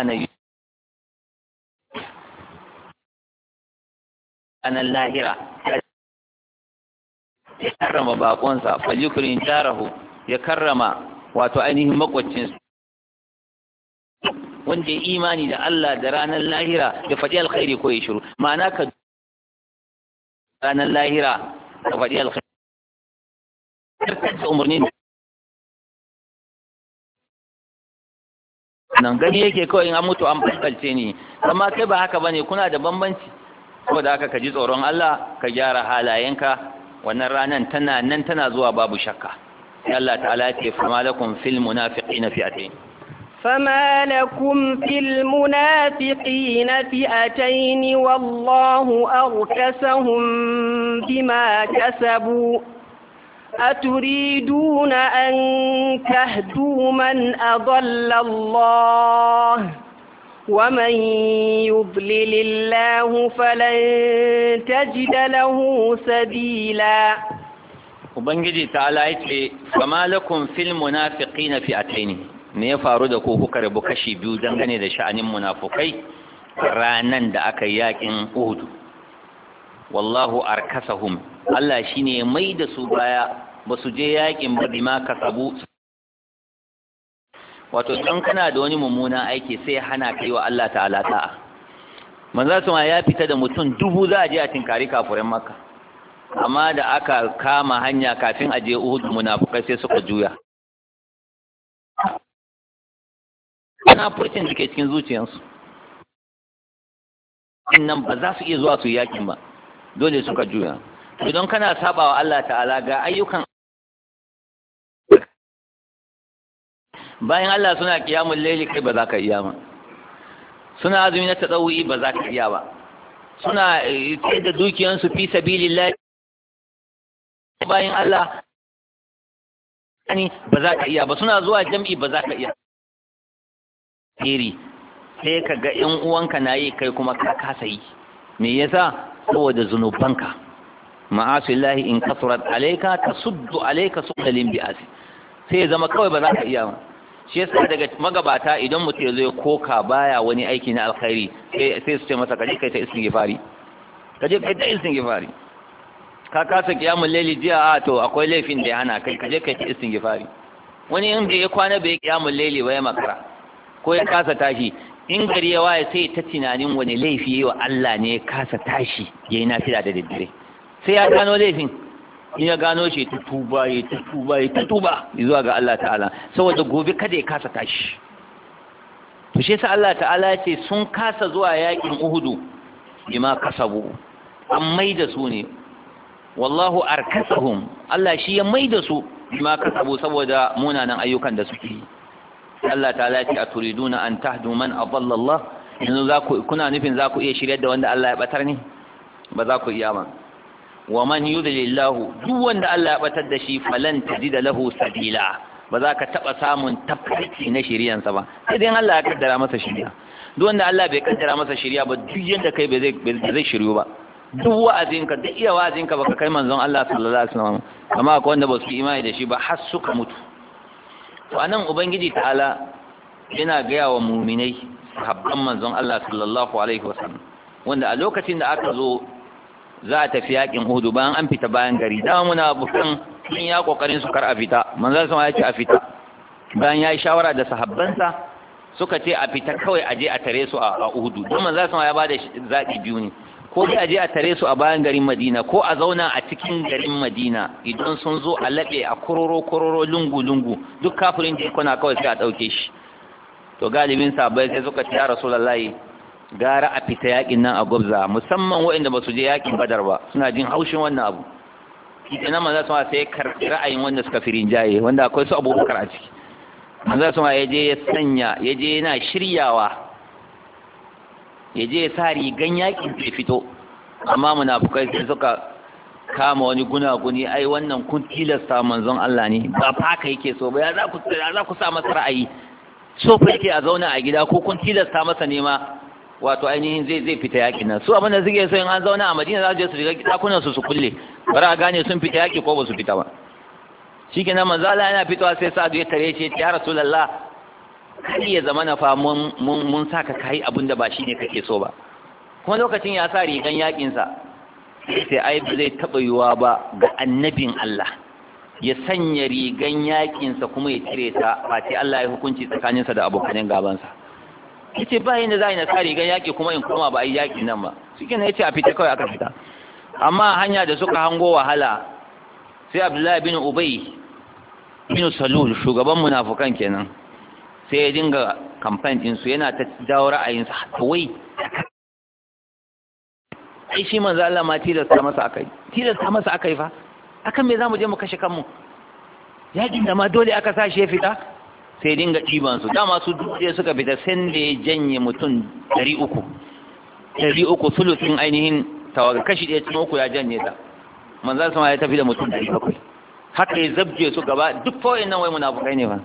na yi anan lahira ya karrama bakonsa falyukrin tarahu ya karrama wato ainihin makwacinsu wanda ya imani da Allah da ranar lahira da faɗi alkhairi ko ya shiru ma'ana ka ranar lahira da faɗi alkhairi da umarni nan gani yake kawai in an mutu an fuskalce ni amma kai ba haka bane kuna da bambanci saboda haka ka ji tsoron Allah ka gyara halayenka wannan ranan tana nan tana zuwa babu shakka Allah ta'ala ya ce fa malakum fil munafiqina fi'atayn فما لكم في المنافقين فئتين والله أركسهم بما كسبوا أتريدون أن تهدوا من أضل الله ومن يضلل الله فلن تجد له سبيلا وبنجي تعالى فما لكم في المنافقين فئتين me ya faru da ku kuka rabu kashi biyu dangane da sha'anin munafukai ranan da aka yi yakin Uhudu? wallahu arkasahum Allah shine ne mai da su baya ba su je yakin ba bima kasabu wato ɗan kana da wani mummuna aiki sai hana kai wa Allah ta'ala ta'a manzo ma ya fita da mutum dubu za a je a tinkari kafuran makka amma da aka kama hanya kafin a je Uhudu munafukai sai suka juya munafurcin furcin ke cikin zuciyarsu nan ba za su iya zuwa su yakin ba dole suka juya idan kana wa Allah ta'ala ga ayyukan bayan Allah suna kiyamun laili kai ba za ka iya ba suna azumi na tsadawu'i ba za ka iya ba suna kai eh, da dukiyansu fi sabilillah bayan Allah ba za ka iya ba suna zuwa jam'i ba za ka iya alheri sai ka ga ƴan uwanka na yi kai kuma ka kasa yi me yasa saboda zunubanka ma'asillahi in kasurat alayka tasuddu alayka sudalin bi'asi sai ya zama kawai ba za ka iya ba shi yasa daga magabata idan mutum zai koka baya wani aiki na alkhairi sai su ce masa kaje kai ta istighfari kaje kai ta istighfari ka kasa kiyamul laili jiya a ah, to akwai laifin da ya hana kai kaje kai ta istighfari wani in da ya kwana bai kiyamul laili ba ya makara ko ya kasa tashi in gari ya waye sai ta tunanin wani laifi yi wa Allah ne ya kasa tashi ya yi nafi da daddare sai ya gano laifin in ya gano shi ta tuba ya ta tuba ya ta tuba zuwa ga Allah ta'ala saboda gobe kada ya kasa tashi to shi sa Allah ta'ala ya ce sun kasa zuwa yakin Uhudu bima kasabu an maida su ne wallahu arkasahum Allah shi ya maida su bima kasabu saboda munanan ayyukan da suke yi Allah ta lati a turiduna an tahdu man adalla Allah yanzu za ku kuna nufin za ku iya shiryar da wanda Allah ya batar ne ba za ku iya ba wa man yudlillahu duk wanda Allah ya batar da shi falan tajida lahu sabila ba za ka taba samun tafarki na shiriyansa ba sai dai Allah ya kaddara masa shiriya duk wanda Allah bai kaddara masa shiriya ba duk yanda kai bai zai shiryo ba duk wa'azinka duk iya wa'azinka baka kai manzon Allah sallallahu alaihi wasallam amma akwai wanda ba su imani da shi ba har suka mutu to anan ubangiji ta'ala yana gaya wa muminai habban manzon Allah sallallahu alaihi wasallam wanda a lokacin da aka zo za a tafi yakin hudu bayan an fita bayan gari da muna bukan sun ya kokarin su kar a fita manzon sama ya ce a fita bayan ya yi shawara da sahabbansa suka ce a fita kawai a je a tare su a Uhudu don manzon sama ya bada zaɓi biyu ne ko sai a je a tare su a bayan garin madina ko a zauna a cikin garin madina idan sun zo a laɓe a kororo kororo lungu lungu duk kafirin da kuna kawai sai a ɗauke shi to galibin sabai sai suka ce ya rasulullahi gara a fita yakin nan a gwabza musamman waɗanda ba su je yakin badar ba suna jin haushin wannan abu Idan manzo sama sai karɓi ra'ayin wanda suka firin rinjaye wanda akwai su abubakar a ciki manzo sama ya je ya sanya ya je yana shiryawa ya je ya sa rigan yakin zai fito amma munafukai sai suka kama wani gunaguni ai wannan kun tilasta manzon Allah ne ba fa ka yake so ba ya za ku za ku sa masa ra'ayi so fa yake a zauna a gida ko kun tilasta masa nema wato ainihin zai zai fita yakin nan su abin da suke so in an zauna a Madina za su je su shiga dakunan su su kulle bari a gane sun fita yaki ko ba su fita ba shikenan manzo Allah yana fitowa sai Sa'ad ya tare shi ya Rasulullah kar ya zama na fa mun mun saka kai abin da ba shine kake so ba kuma lokacin ya sa rigan sa sai ai ba zai taɓa yiwuwa ba ga annabin Allah ya sanya rigan sa kuma ya cire ta sai Allah ya hukunci tsakaninsa da abokanin sa yace ba yanda za na sa rigan yaki kuma in koma ba ai yaki nan ba shike yace a fita kawai aka fita amma hanya da suka hango wahala sai Abdullahi bin Ubay bin Salul shugaban munafukan kenan sai ya dinga kamfan ɗinsu yana ta dawo ra'ayinsu wai ai shi manzo Allah ma tilasta masa yi tilasta masa yi fa akan me zamu je mu kashe kanmu yakin da ma dole aka sa shi ya fita sai dinga ɗiban su dama su dutse suka fita sai da ya janye mutum ɗari uku ɗari uku sulusin ainihin tawaga kashi ɗaya cikin uku ya janye ta manzo sama ya tafi da mutum ɗari bakwai haka ya zabje su gaba duk fawai nan wai munafukai ne fa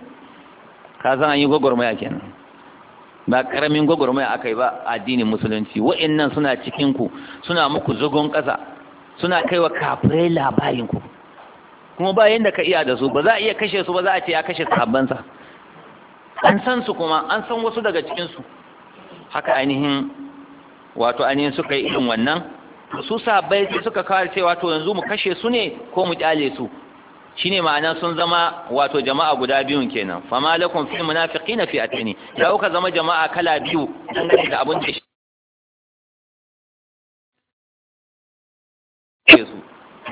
ka san an yi gwagwarmaya kenan ba karamin gwagwarmaya aka yi ba addinin musulunci wa'annan suna cikin ku suna muku zugon ƙasa suna kaiwa kafirai labarin ku kuma ba yanda ka iya da su ba za a iya kashe su ba za a ce ya kashe sahabbansa an san su kuma an san wasu daga cikin su haka ainihin wato ainihin suka yi irin wannan su sahabbai suka kawar cewa to yanzu mu kashe su ne ko mu kyale su shine ma'anar sun zama wato jama'a guda biyun kenan fama lakum fil munafiqina fi atini da uka zama jama'a kala biyu dangane da abin da ke su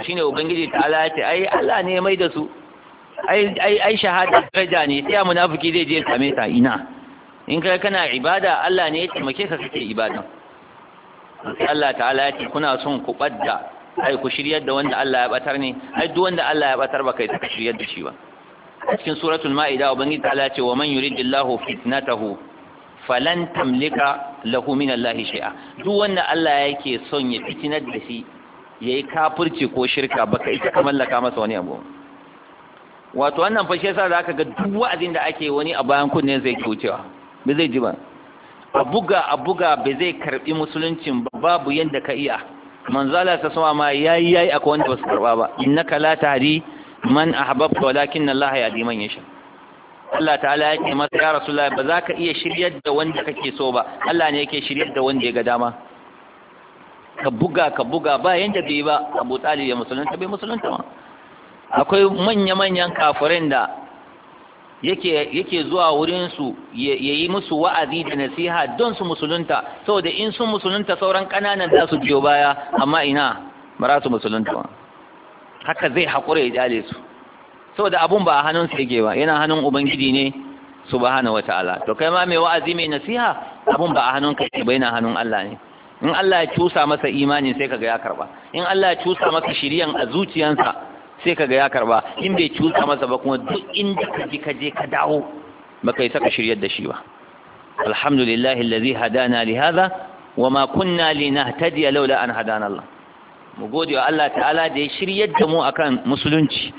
shine ubangiji ta Allah ya ce ai Allah ne mai da su ai ai ai shahada daraja ne sai munafiki zai je same ta ina in kai kana ibada Allah ne ya taimake ka kake ibada Allah ta'ala ya ce kuna son ku badda ai ku shiryar da wanda Allah ya batar ne ai duk wanda Allah ya batar ba kai ta shiryar da shi ba a cikin suratul ma'ida ubangiji ta ce wa man yuridillahu fitnatahu falan tamlika lahu min Allah shay'a duk wanda Allah yake son ya fitinar da shi yayi kafirci ko shirka ba ita ka mallaka masa wani abu wato wannan fa shi yasa aka ga duk wa'azin da ake wani a bayan kunne zai kyautewa. ba zai ji ba a buga a buga ba zai karbi musuluncin ba. babu yadda ka iya manzala ta sama ma yayi yayi akwai wanda basu karba ba innaka la tahdi man ahbabta walakin Allah yahdi man yasha Allah ta'ala yake masa ya rasulullahi ba za ka iya shiryar da wanda kake so ba Allah ne yake shiryar da wanda ya ga dama ka buga ka buga ba yanda bai ba Abu Talib ya musulunta bai musulunta ma akwai manya-manyan kafirin da yake zuwa wurinsu ya yi musu wa'azi da nasiha don su musulunta saboda in sun musulunta sauran ƙananan za su biyo baya amma ina ba su musulunta ba haka zai haƙura ya jale su saboda abun ba a su yake ba yana hannun ubangiji ne subhanahu wataala to kai ma mai wa'azi mai nasiha abun ba a hannun ka ba yana hannun Allah ne in Allah ya cusa masa imanin sai kaga ya karba in Allah ya cusa masa shiriyan a zuciyansa sai kaga ya karba in bai cuta masa ba kuma duk inda ka ji ka je ka dawo baka yi saka shiryar da shi ba alhamdulillahi allazi hadana li hadha wama kunna linahtadiya laula an hadana Allah mu gode wa Allah ta'ala da ya shiryar da mu akan musulunci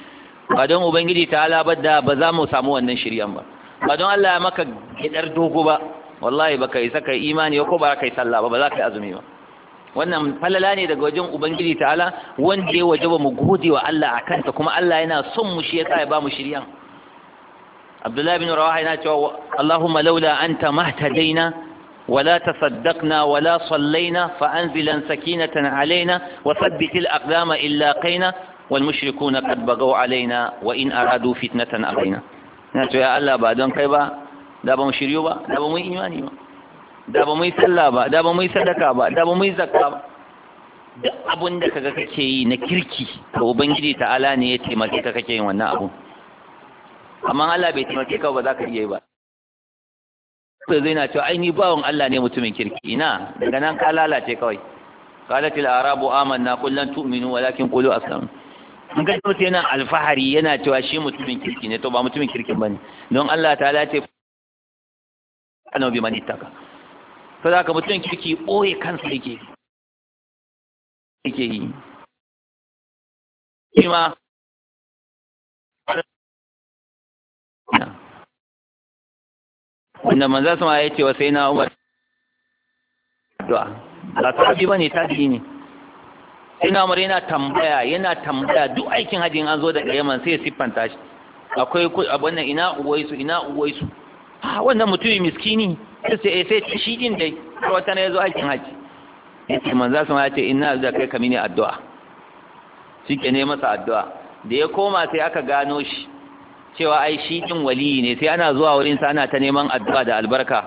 ba don ubangiji ta'ala ba da ba za mu samu wannan shiryan ba ba don Allah ya maka gidar dogo ba wallahi baka yi saka imani ko ba ka yi sallah ba ba za ka yi azumi ba wannan falala ne daga wajen ubangiji ta'ala wanda ya waje ba mu gode wa Allah a kanta kuma Allah yana son mu shi ya sa ya ba mu shiryan Abdullahi bin Rawaha yana cewa Allahumma laula anta mahtadaina wala tasaddaqna wala sallaina fa anzilan sakinatan alaina wa thabbitil aqdama illa qaina wal mushrikuna qad bagaw alaina wa in aradu fitnatan alaina yana cewa ya Allah ba don kai ba da ba mu shiryo ba da ba mu imani ba da ba mu yi sallah ba da ba mu yi sadaka ba da ba mu yi zakka ba duk abun da kaga kake yi na kirki to ubangiji ta'ala ne ya taimake ka kake yin wannan abu amma Allah bai taimake ka ba za ka iya yi ba to zai na cewa ai ni bawon Allah ne mutumin kirki ina daga nan ka lalace kawai قالت الأعراب آمنا قل kullan tu'minu walakin qulu aslam in ga mutum yana alfahari yana cewa shi mutumin kirki ne to ba mutumin kirkin ba ne don Allah ta ce ana bi mani taka za ka mutum kirki ɓoye kansa yake yake yi ima wanda manzan ma ya ce wa sai na umar du'a ba ta abi bane ta ne sai na umar yana tambaya yana tambaya duk aikin hajji an zo da ƙayyaman sai ya siffanta shi akwai abin ina uwaisu ina uwaisu ha wannan mutumin miskini sai sai eh, sai shi din dai wata na yazo aikin haji yace manzo sun ya ce inna da kai kami ne addu'a shike ne masa addu'a da ya koma sai aka gano shi cewa ai shi din wali ne sai ana zuwa wurin sa ana ta neman addu'a da albarka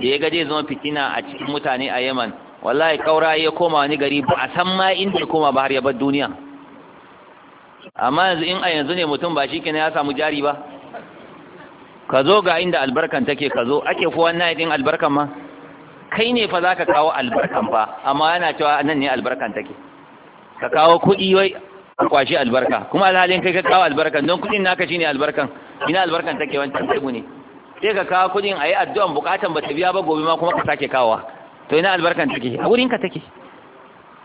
da ya ga zai zama fitina a cikin mutane a Yemen wallahi kaura ya koma wani gari ba a san ma inda ya koma ba har ya bar duniya amma yanzu in a yanzu ne mutum ba shi ne ya samu jari ba ka zo ga inda albarkan take ka zo ake kuwa wannan yi albarkan ma kai ne fa za ka kawo albarkan fa amma yana cewa nan ne albarkan take ka kawo kuɗi wai a kwashi albarka kuma alhalin kai ka kawo albarkan don kuɗin naka ne albarkan ina albarkan take wancan taimu ne sai ka kawo kuɗin a yi addu'an bukatan ba ta biya ba gobe ma kuma ka sake kawowa to ina albarkan take a wurin ka take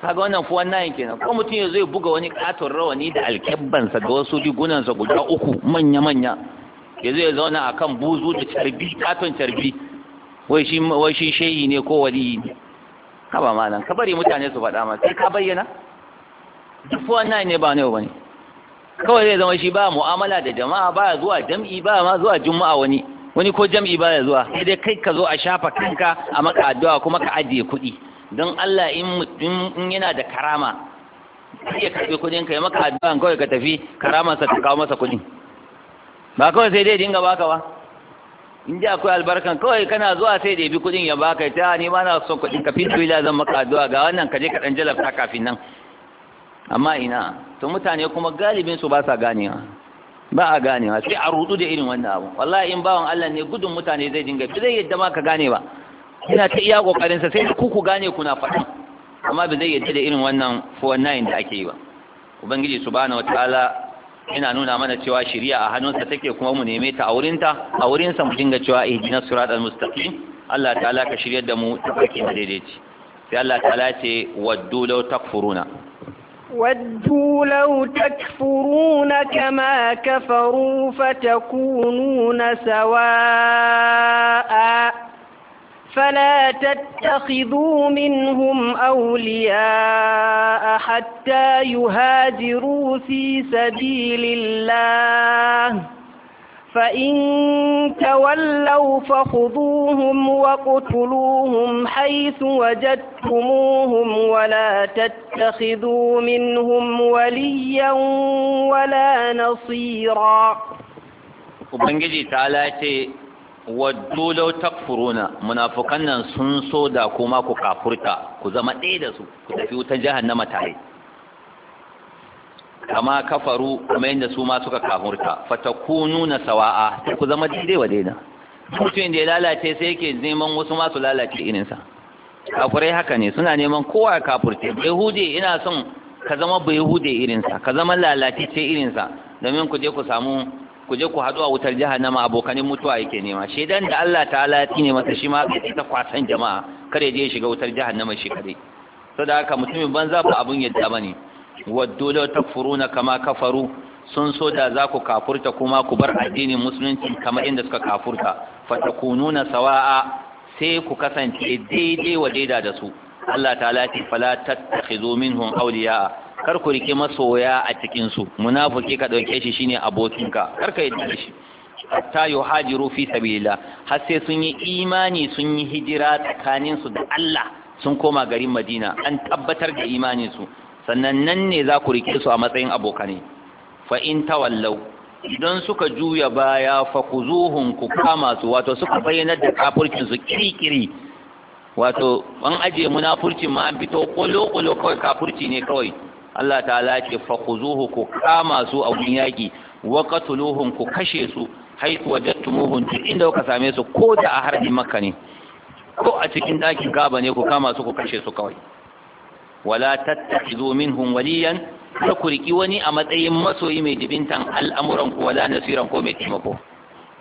kaga wannan fuwan nayin kenan ko mutum ya zai buga wani katon rawani da alkebbansa da wasu rigunansa guda uku manya-manya ya zai zauna a kan buzu da carbi katon carbi wai shi shehi ne ko waliyi ne haba malam ka bari mutane su faɗa ma sai ka bayyana duk wannan ne ba ne ba ne kawai zai zama shi ba mu'amala da jama'a ba zuwa jam'i ba ma zuwa juma'a wani wani ko jam'i ba ya zuwa sai dai kai ka zo a shafa kanka a maka addu'a kuma ka ajiye kuɗi don Allah in yana da karama sai ya karɓi kuɗin ka ya maka addu'a kawai ka tafi sa ta kawo masa kuɗin ba kawai sai dai dinga baka ba in ji akwai albarkan kawai kana zuwa sai dai bi kudin ya baka ta ah, ni ba na son ka fito ila zan maka addu'a ga wannan ka je ka jalabta kafin nan amma ina to mutane kuma galibin su ba sa ganewa ba a ganewa sai a rudu da irin wannan abu wallahi in bawan Allah ne gudun mutane zai dinga bi zai yadda ma ka gane ba ina ta iya kokarin sa sai ku ku gane kuna faɗi amma ba zai yadda da irin wannan 49 da ake yi ba ubangiji subhanahu wataala yana nuna mana cewa shiriya a hannunsa take kuma mu neme ta a wurinta a wurinsa mu dinga cewa ihdinas siratal mustaqim Allah ta'ala ka shiryar da mu ta farki da daidaici sai Allah ta'ala ce waddu law takfuruna waddu law takfuruna kama kafaru fatakununa sawa'a فلا تتخذوا منهم أولياء حتى يهاجروا في سبيل الله فإن تولوا فخذوهم وقتلوهم حيث وجدتموهم ولا تتخذوا منهم وليا ولا نصيرا وبنجي تعالى waddu law takfuruna munafukan nan sun so da kuma ku kafurta ku zama ɗaya da su ku tafi wutan jahannama tare kama kafaru kuma yadda su ma suka kafurta fatakunu na sawa'a sai ku zama daidai wa daina mutum da ya lalace sai yake neman wasu ma su lalace irinsa kafurai haka ne suna neman kowa ya Bai hude, ina son ka zama bai irinsa ka zama lalace irinsa domin ku je ku samu ku je ku haɗu a wutar jahannama abokanin mutuwa yake nema Shaidan da Allah ta'ala ya tine masa shi ma kai ta kwasan jama'a ya je shiga wutar jahannama shi kare saboda haka mutumin banza ba abun yadda bane waddu law takfuruna kama kafaru sun so da za ku kafurta kuma ku bar addinin musulunci kamar inda suka kafurta fatakununa sawa'a sai ku kasance daidai wa daida da su Allah ta'ala ce fala tattakhizu minhum awliya kar ku rike masoya a cikin su munafiki ka dauke shi shine abokinka kar ka yi shi hatta yuhajiru fi sabilillah har sai sun yi imani sun yi hijira tsakanin su da Allah sun koma garin Madina an tabbatar da imani su sannan nan ne za ku rike su a matsayin abokane fa in tawallau idan suka juya baya fa kuzuhun ku kama su wato suka bayyanar da kafircin su kirkiri wato an aje munafurcin ma an fito kolo kolo kawai kafurci ne kawai Allah ta'ala ce faquzuhu ku kama su a wurin yaki wa qatluhum ku kashe su haitu wajadtumuhum duk inda kuka same su ko da a harbi makka ne ko a cikin ɗakin gaba ne ku kama su ku kashe su kawai wala tattakhidhu minhum waliyan ka ku riki wani a matsayin masoyi mai dibintan al'amuran ku wala nasiran ko mai taimako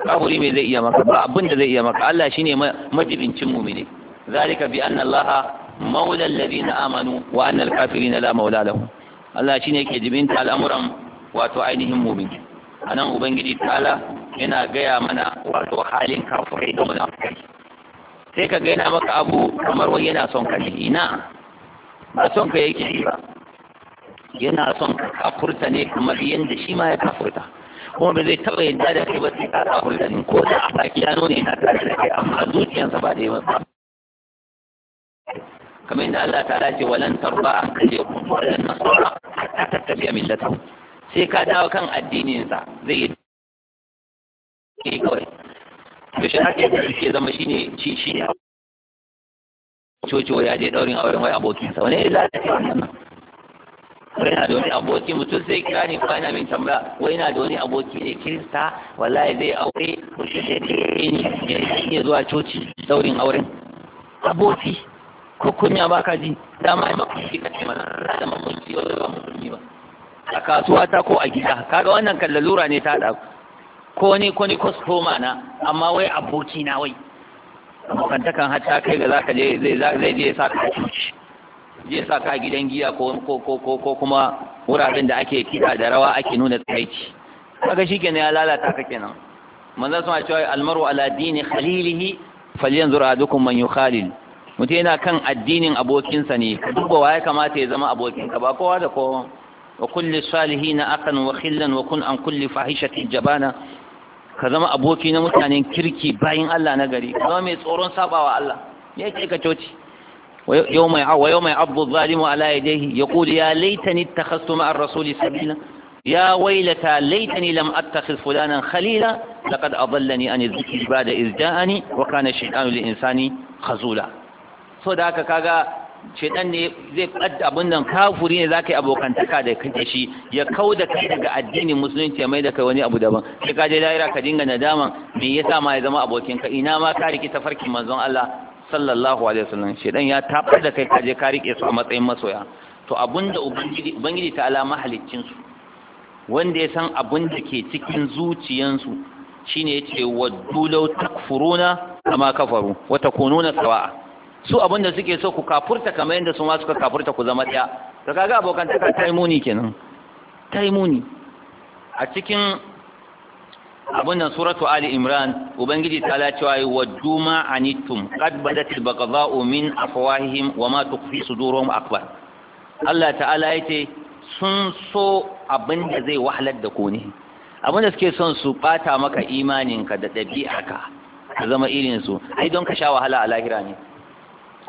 kafuri mai zai iya maka ba abin da zai iya maka Allah shine majibincin mu'mini zalika bi anna Allah maula alladhina amanu wa anna al-kafirina la maula lahum Allah shi ne yake jibinta al'amuran wato ainihin mu'min nan, ubangiji ta'ala yana gaya mana wato halin kafirai da kai. sai ka gaina maka abu kamar wani yana son ka ina ba son ka yake yi ba yana son ka kafurta ne kamar yadda shi ma ya kafurta kuma ba zai taɓa yadda da kai ba sai ka kafurta ne ko da a ba ya nuna yana tare da kai amma zuciyarsa ba da yawan kamar yadda Allah ta ce walan tarba an kaje walan nasara hatta a millatahu sai ka dawo kan addininsa zai yi kawai da shi haka yadda ke zama shi ne shi shi ne cocewa ya je daurin auren wai abokinsa wani ya lalace wannan wai na da wani aboki mutum sai kira ne ko ina min tambaya wai na da wani aboki ne kirista wallahi zai aure ko shi ne ya zuwa coci daurin auren aboki ko kunya ba ka ji dama ya maka shi ka ce mana da mamman ji wanda ba musulmi ba a kasuwa ta ko a gida kaga wannan kan ne ta da ko ni ko ni koma na amma wai aboki na wai abokantakan har ta kai ga za ka je zai je sa ka je sa ka gidan giya ko ko ko ko kuma wuraren da ake kiɗa da rawa ake nuna tsaici kaga shikenan ya lalata ka kenan manzo sun ce almaru ala dini khalilihi falyanzur ahadukum man yukhalil mutum yana kan addinin abokinsa ne ka duba wa ya kamata ya zama abokinka ba kowa da kowa wa kulli salihina akan wa khillan wa kun an kulli fahishati jabana ka zama aboki na mutanen kirki bayan Allah na gari ka zama mai tsoron sabawa Allah me yake ka coci wa yawma wa yawma abdu zalimu ala ya yaqulu ya laitani ittakhadtu ma'a ar-rasuli sabila ya waylata laitani lam attakhidh fulanan khalila laqad adallani an adh-dhikri ba'da idh ja'ani wa kana ash-shaytanu lil-insani khazula so da haka kaga shedan ne zai kadda abin nan kafuri ne zaka yi abokantaka da kake shi ya kau da kai daga addinin musulunci mai da kai wani abu daban sai ka je daira ka dinga nadama me yasa ma ya zama abokin ka ina ma ka riki farkin manzon Allah sallallahu alaihi wasallam shedan ya tabar da kai ka je ka rike su a matsayin masoya to abinda ubangiji ubangiji ta alama mahalicin su wanda ya san abin da ke cikin zuciyansu shine yace waddu law takfuruna kama kafaru wa takununa sawa'a su abin da suke so ku kafurta kamar yadda su ma suka kafurta ku zama ɗaya to kaga abokan ta ka taimuni kenan Taimuni. a cikin abin nan suratu ali imran ubangiji ta cewa wa duma anittum qad badat al min afwahihim wa ma akbar Allah ta'ala yace sun so abin da zai wahalar da ku ne abin da suke son su bata maka imaninka da ɗabi'arka ka zama irin su ai don ka sha wahala a lahira ne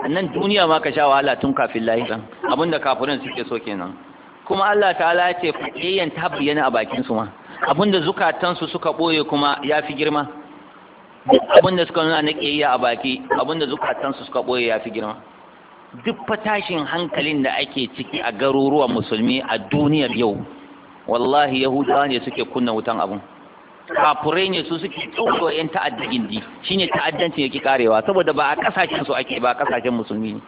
annan duniya ma ka sha wahala tun kafin lahiran abinda kafirin suke so kenan kuma Allah ta'ala ya ce fadiyan ta bayyana a bakin su ma abinda zukatansu suka boye kuma ya fi girma abinda suka nuna na kiyayya a baki abinda zukatansu suka boye ya fi girma duk fatashin hankalin da ake ciki a garuruwan musulmi a duniyar yau wallahi yahudawa ne suke kunna wutan abun kafurai ne su suke tsoro yan ta'adda gindi shine ta'addancin yake karewa saboda ba a kasashen su ake ba a kasashen musulmi ne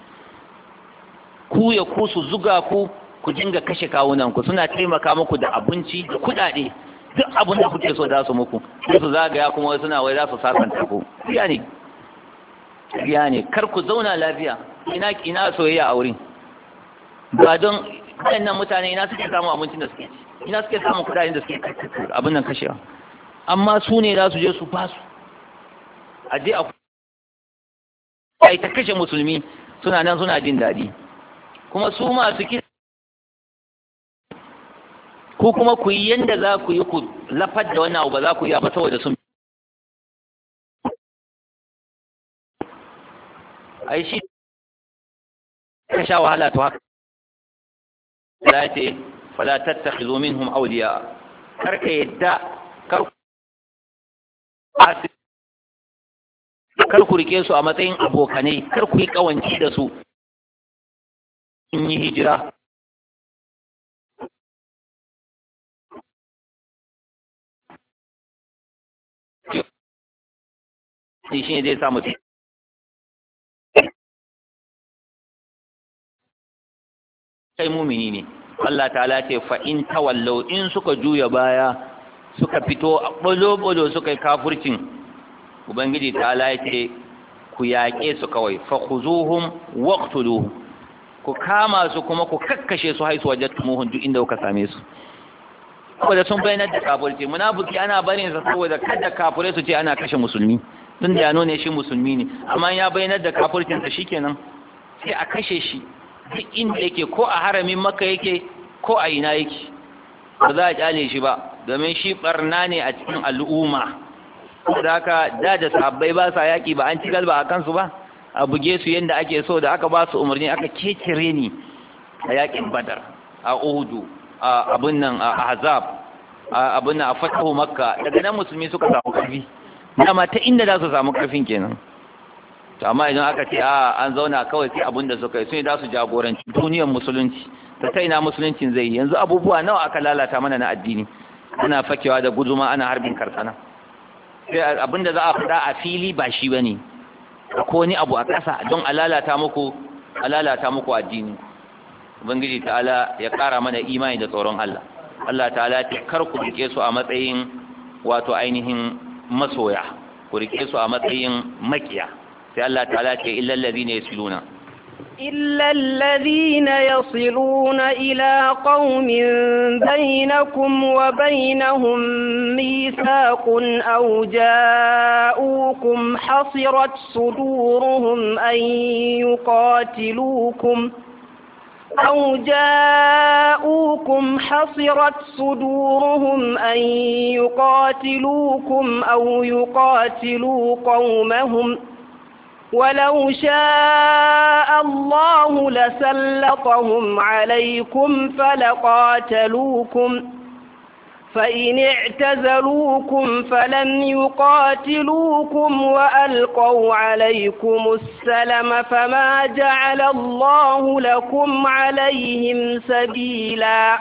ku ya ku su zuga ku ku dinga kashe kawunan ku suna taimaka muku da abinci da kuɗaɗe duk abin da kuke so za su muku sai su zagaya kuma suna wai za su sasanta ku ya ne ya ne kar ku zauna lafiya ina ina soyayya a wurin ba don waɗannan mutane ina suke samu abincin da suke ci ina suke samu kudaden da suke abin nan kashewa amma su ne za su je su basu a je a ai ta kashe musulmi suna nan suna jin daɗi kuma su masu kisa ko kuma ku yi yadda za ku yi ku lafar da wannan abu ba za ku yi a ba saboda sun yi shi ka sha wahala to haka ya? ce fala tattakhizu minhum awliya karka yadda karku kar ku rike su a matsayin abokanai kar ku yi kawanci da su in yi hijira shi shi zai samu kai mumini ne Allah ta'ala ce fa in tawallau in suka juya baya suka fito a ɓolo-ɓolo suka yi kafurcin ubangiji ta ce ku yaƙe su kawai fakuzuhun waktuluhu ku kama su kuma ku kakkashe su haisu wajen tumuhun duk inda kuka same su saboda sun bayanar da kafurci buki ana barin sa saboda kada kafurai su ce ana kashe musulmi tun da ya nuna shi musulmi ne amma ya bayanar da kafurcin sa shikenan sai a kashe shi duk inda yake ko a haramin maka yake ko a ina yake ba za a kyale shi ba domin shi ɓarna ne a cikin al'umma da haka da da sahabbai ba sa yaƙi ba an ci galba a kansu ba a buge su yadda ake so da aka ba su umarni aka kekere ni a yaƙin badar a uhudu a abin nan a Azab a abin nan a fatahu makka daga nan musulmi suka samu ƙarfi dama ta inda za su samu ƙarfin kenan to amma idan aka ce a an zauna kawai sai abin da suka yi sun za su jagoranci duniyar musulunci ta ta ina musuluncin zai yi yanzu abubuwa nawa aka lalata mana na addini ana fakewa da guduma ana harbin karsana sai abinda za a faɗa a fili ba shi bane ko wani abu a ƙasa don alalata muku alalata muku addini ubangiji ta'ala ya ƙara mana imani da tsoron Allah Allah ta'ala ta kar ku rike su a matsayin wato ainihin masoya ku rike su a matsayin makiya sai Allah ta'ala ce illal ladina yasluna إلا الذين يصلون إلى قوم بينكم وبينهم ميثاق أو جاءوكم حصرت صدورهم أن يقاتلوكم أو جاءوكم حصرت صدورهم أن يقاتلوكم أو يقاتلوا قومهم ۖ ولو شاء الله لسلطهم عليكم فلقاتلوكم فإن اعتزلوكم فلم يقاتلوكم وألقوا عليكم السلم فما جعل الله لكم عليهم سبيلا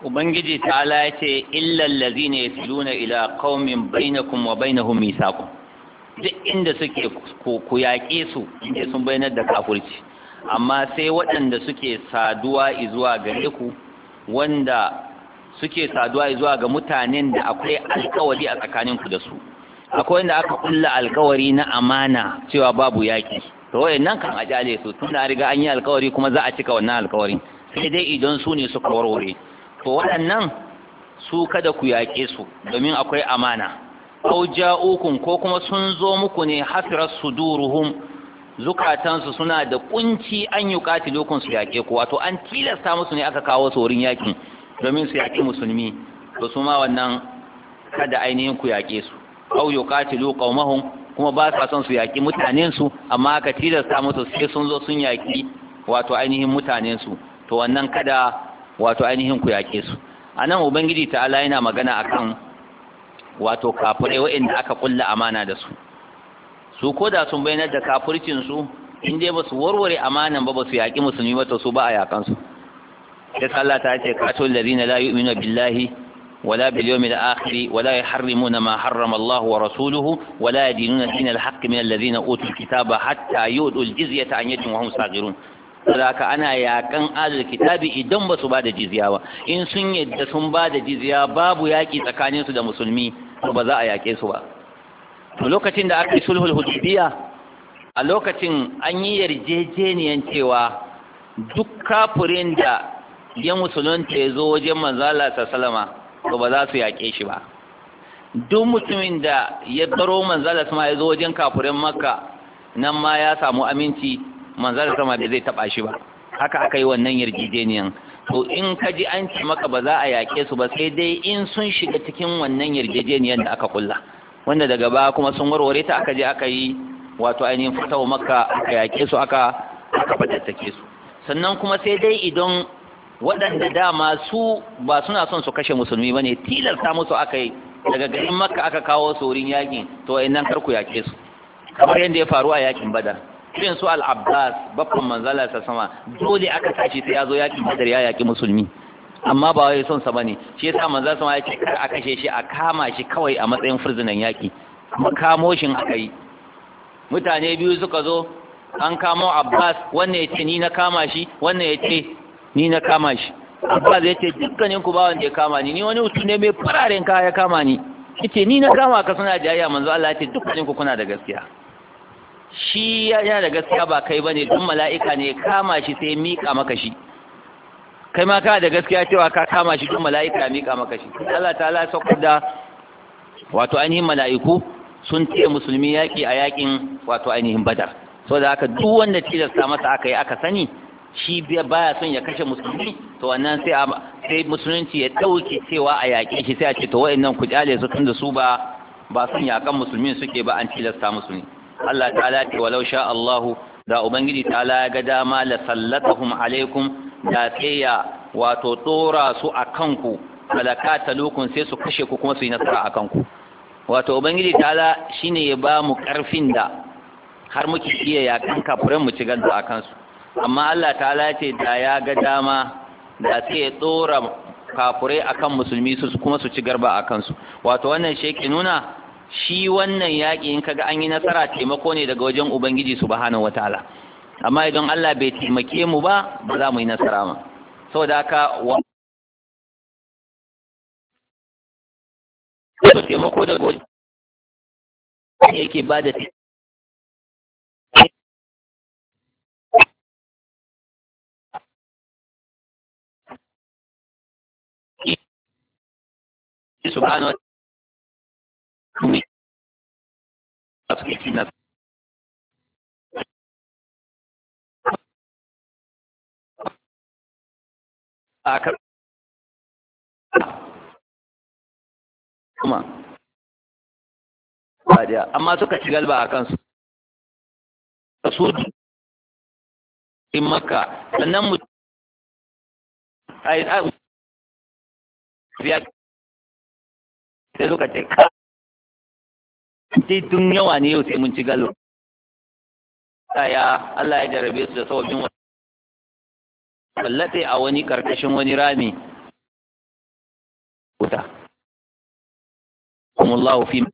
Ubangiji ta lace illal lazina yasluna ila qaumin bainakum wa bainahum mithaqun duk inda suke ku yaƙe su inda sun bayyana da kafurci amma sai waɗanda suke saduwa zuwa gare ku wanda suke saduwa zuwa ga mutanen da akwai alkawari a tsakaninku da su akwai wanda aka kulla alkawari na amana cewa babu yaƙi to wayannan kan ajale su tun da riga an yi alkawari kuma za a cika wannan alkawari sai dai idan su ne suka warware to waɗannan su kada ku yaƙe su domin akwai amana Auja ukun ko kuma sun zo muku ne hasirat suduruhum zukatansu suna da kunci an yi katilokun su yaƙe ku wato an tilasta musu ne aka kawo tsorin yaƙin domin su yaƙi musulmi to su ma wannan kada ainihin ku yaƙe su au yi katilu ƙaumahun kuma ba sa son su yaƙi mutanensu amma aka tilasta musu sai sun zo sun yaƙi wato ainihin mutanensu to wannan kada wato ainihin ku yaƙe su a nan ubangiji ta'ala yana magana akan wato kafirai waɗanda aka kulla amana da su su ko da sun bayyana da kafircin su in dai ba su warware amanan ba ba su yaƙi musulmi ba su ba a yakan su sai Allah ta ce qatul ladina la yu'minu billahi ولا باليوم الآخر ولا يحرمون ما حرم الله ورسوله ولا يدينون دين الحق من hatta أوتوا الكتاب حتى يؤدوا الجزية عن يد وهم صاغرون saboda ana yakan adal kitabi idan ba su ba da jizya ba in sun yadda sun ba da jizya babu yaƙi tsakaninsu da musulmi to ba za a yaƙe su ba to lokacin da aka yi sulhul hudubiya a lokacin an yi yarjejeniyan cewa duk kafirin da ya musulunta ya zo wajen manzala ta salama to ba za su yaƙe shi ba duk mutumin da ya baro manzala sama ya zo wajen kafirin makka nan ma ya samu aminci manzala sama bai zai taɓa shi ba haka aka yi wannan yarjejeniyan to in ka ji an ce maka ba za a yaƙe su ba sai dai in sun shiga cikin wannan yarjejeniyar da aka kulla wanda daga ba kuma sun warware ta aka je aka yi wato ainihin wa maka aka yaƙe su aka aka fatattake su sannan kuma sai dai idan waɗanda dama su ba suna son su kashe musulmi ba ne tilasta musu aka yi daga garin makka aka kawo su wurin yaƙin to nan kar ku yaƙe su kamar yadda ya faru a yaƙin badar irin su al-abbas babban manzala ta sama dole aka tashi sai ya zo yaƙi badar ya yaƙi musulmi amma ba wai son sa bane shi yasa manzala sama ya ce kar a kashe shi a kama shi kawai a matsayin furzunan yaƙi kuma kamo shi aka yi mutane biyu suka zo an kamo abbas wannan ya ce ni na kama shi wannan ya ce ni na kama shi abbas ya ce dukkanin ku bawan da ya kama ni ni wani mutum ne mai fararen kaya ya kama ni ya ce ni na kama ka suna jayayya manzo Allah ya ce dukkanin ku kuna da gaskiya shi yana da gaskiya ba kai bane don mala'ika ne kama shi sai miƙa maka shi kai ma kana da gaskiya cewa ka kama shi don mala'ika miƙa maka shi Allah ta'ala saukar wato ainihin mala'iku sun ce musulmi yaƙi a yaƙin wato ainihin badar saboda da haka duk wanda tilasta masa aka yi aka sani shi baya son ya kashe musulmi to wannan sai sai musulunci ya dauke cewa a yaki shi sai a ce to wa'annan ku kyale su tunda su ba ba son yaƙan musulmi suke ba an tilasta musulmi Allah ta'ala ce walau sha Allah da ubangiji ta'ala ga dama la sallatahum alaikum da tsaya wato tsora su a kanku falaka talukun sai su kashe ku kuma su yi nasara a kanku wato ubangiji ta'ala shine ya ba mu karfin da har muke iya yakan kafiran mu ci galba a kansu amma Allah ta'ala ce da ya ga dama da sai tsora kafurai akan musulmi su kuma su ci garba a kansu wato wannan shi nuna shi wannan yaƙi in kaga an yi nasara taimako ne daga wajen ubangiji subhanahu wataala amma idan Allah bai taimake mu ba ba za mu yi nasara ma saboda haka wa taimako daga wajen yake ba da subhanahu kawai a na a amma suka ci galba a kansu su in maka sannan mu a yi ya ce suka ce ka tun yawa ne yau sai mun ci galo ya Allah ya jarabe su da sababin wallafe a wani karkashin wani rami wuta kuma Allah fi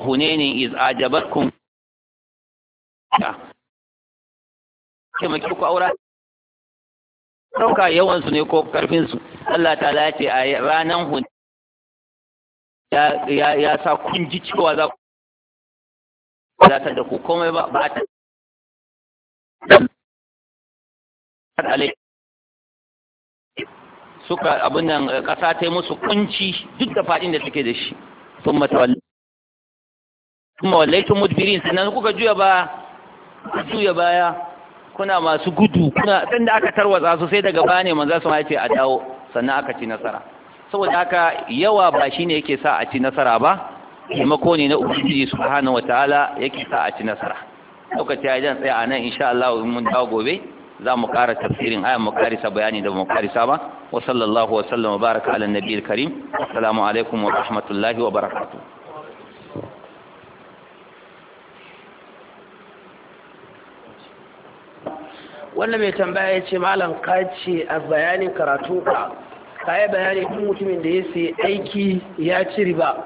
hunenin iz ajabatkum ke maki ku aura ɗauka yawansu ne ko ƙarfinsu Allah ta lati a ranar hunenin ya sa kun ji cewa za ku wadatar da ku komai ba ba ta suka abin nan ƙasa ta yi musu kunci duk da faɗin da suke da shi sun matawalli kuma tun mudbirin sannan kuka juya baya juya baya kuna masu gudu kuna sanda da aka tarwatsa su sai daga bane ne za su ma a dawo sannan aka ci nasara saboda haka yawa ba shine yake sa a ci nasara ba taimako ne na ubangiji subhanahu wataala yake sa a ci nasara lokaci ya jan tsaya a nan insha Allah mun dawo gobe za mu ƙara tafsirin ayan mu karisa bayani da mu karisa ba wa sallallahu wa sallama baraka ala nabiyil karim assalamu alaikum wa rahmatullahi wa barakatuh wannan mai tambaya ya ce malam ka ce a bayanin karatu yi bayani duk mutumin da ya sayi aiki ya ci riba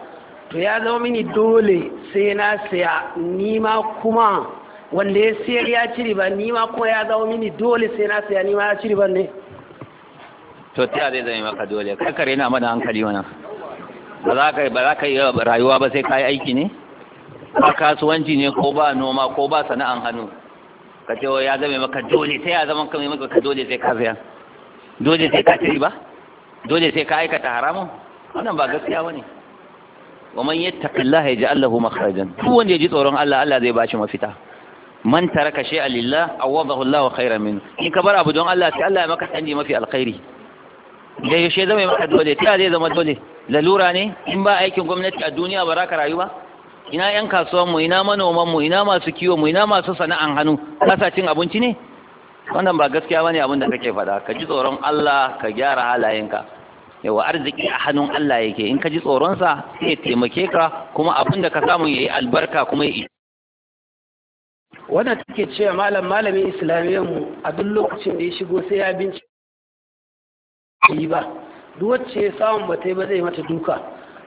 to ya zama mini dole sai na saya nima kuma wanda ya sayar ya ci riba nima kuma ya zama mini dole sai na saya nima ya ci riba ne to ta zai zama maka dole kakar yana mana hankali wannan ba za ka ba za ka yi rayuwa ba sai yi aiki ne ba kasuwanci ne ko ba noma ko ba sana'an hannu ka ce ya zama maka dole sai ya zama maka dole sai ka saya dole sai ka ci riba dole sai ka aikata haramun wannan ba gaskiya bane wa man yattaqillaha yaj'al lahu makhrajan duk wanda ya ji tsoron Allah Allah zai bashi mafita man taraka shay'a lillah awadahu Allah khairan min in ka bar abu don Allah sai Allah ya maka sanji mafi alkhairi dai yaushe zama maka dole ta zai zama dole lalura ne in ba aikin gwamnati a duniya ba za ka rayu ba ina yan kasuwan mu ina manoman mu ina masu kiwo mu ina masu sana'an hannu kasa cin abinci ne wannan ba gaskiya bane abin da kake faɗa ka ji tsoron Allah ka gyara halayenka yawa arziki a hannun Allah yake in ka ji tsoron sa sai taimake ka kuma abin da ka samu yayi albarka kuma yayi wannan take cewa malam malamin islamiyyar mu a duk lokacin da ya shigo sai ya bincika yi ba duk wacce ya samu ba ta yi ba zai mata duka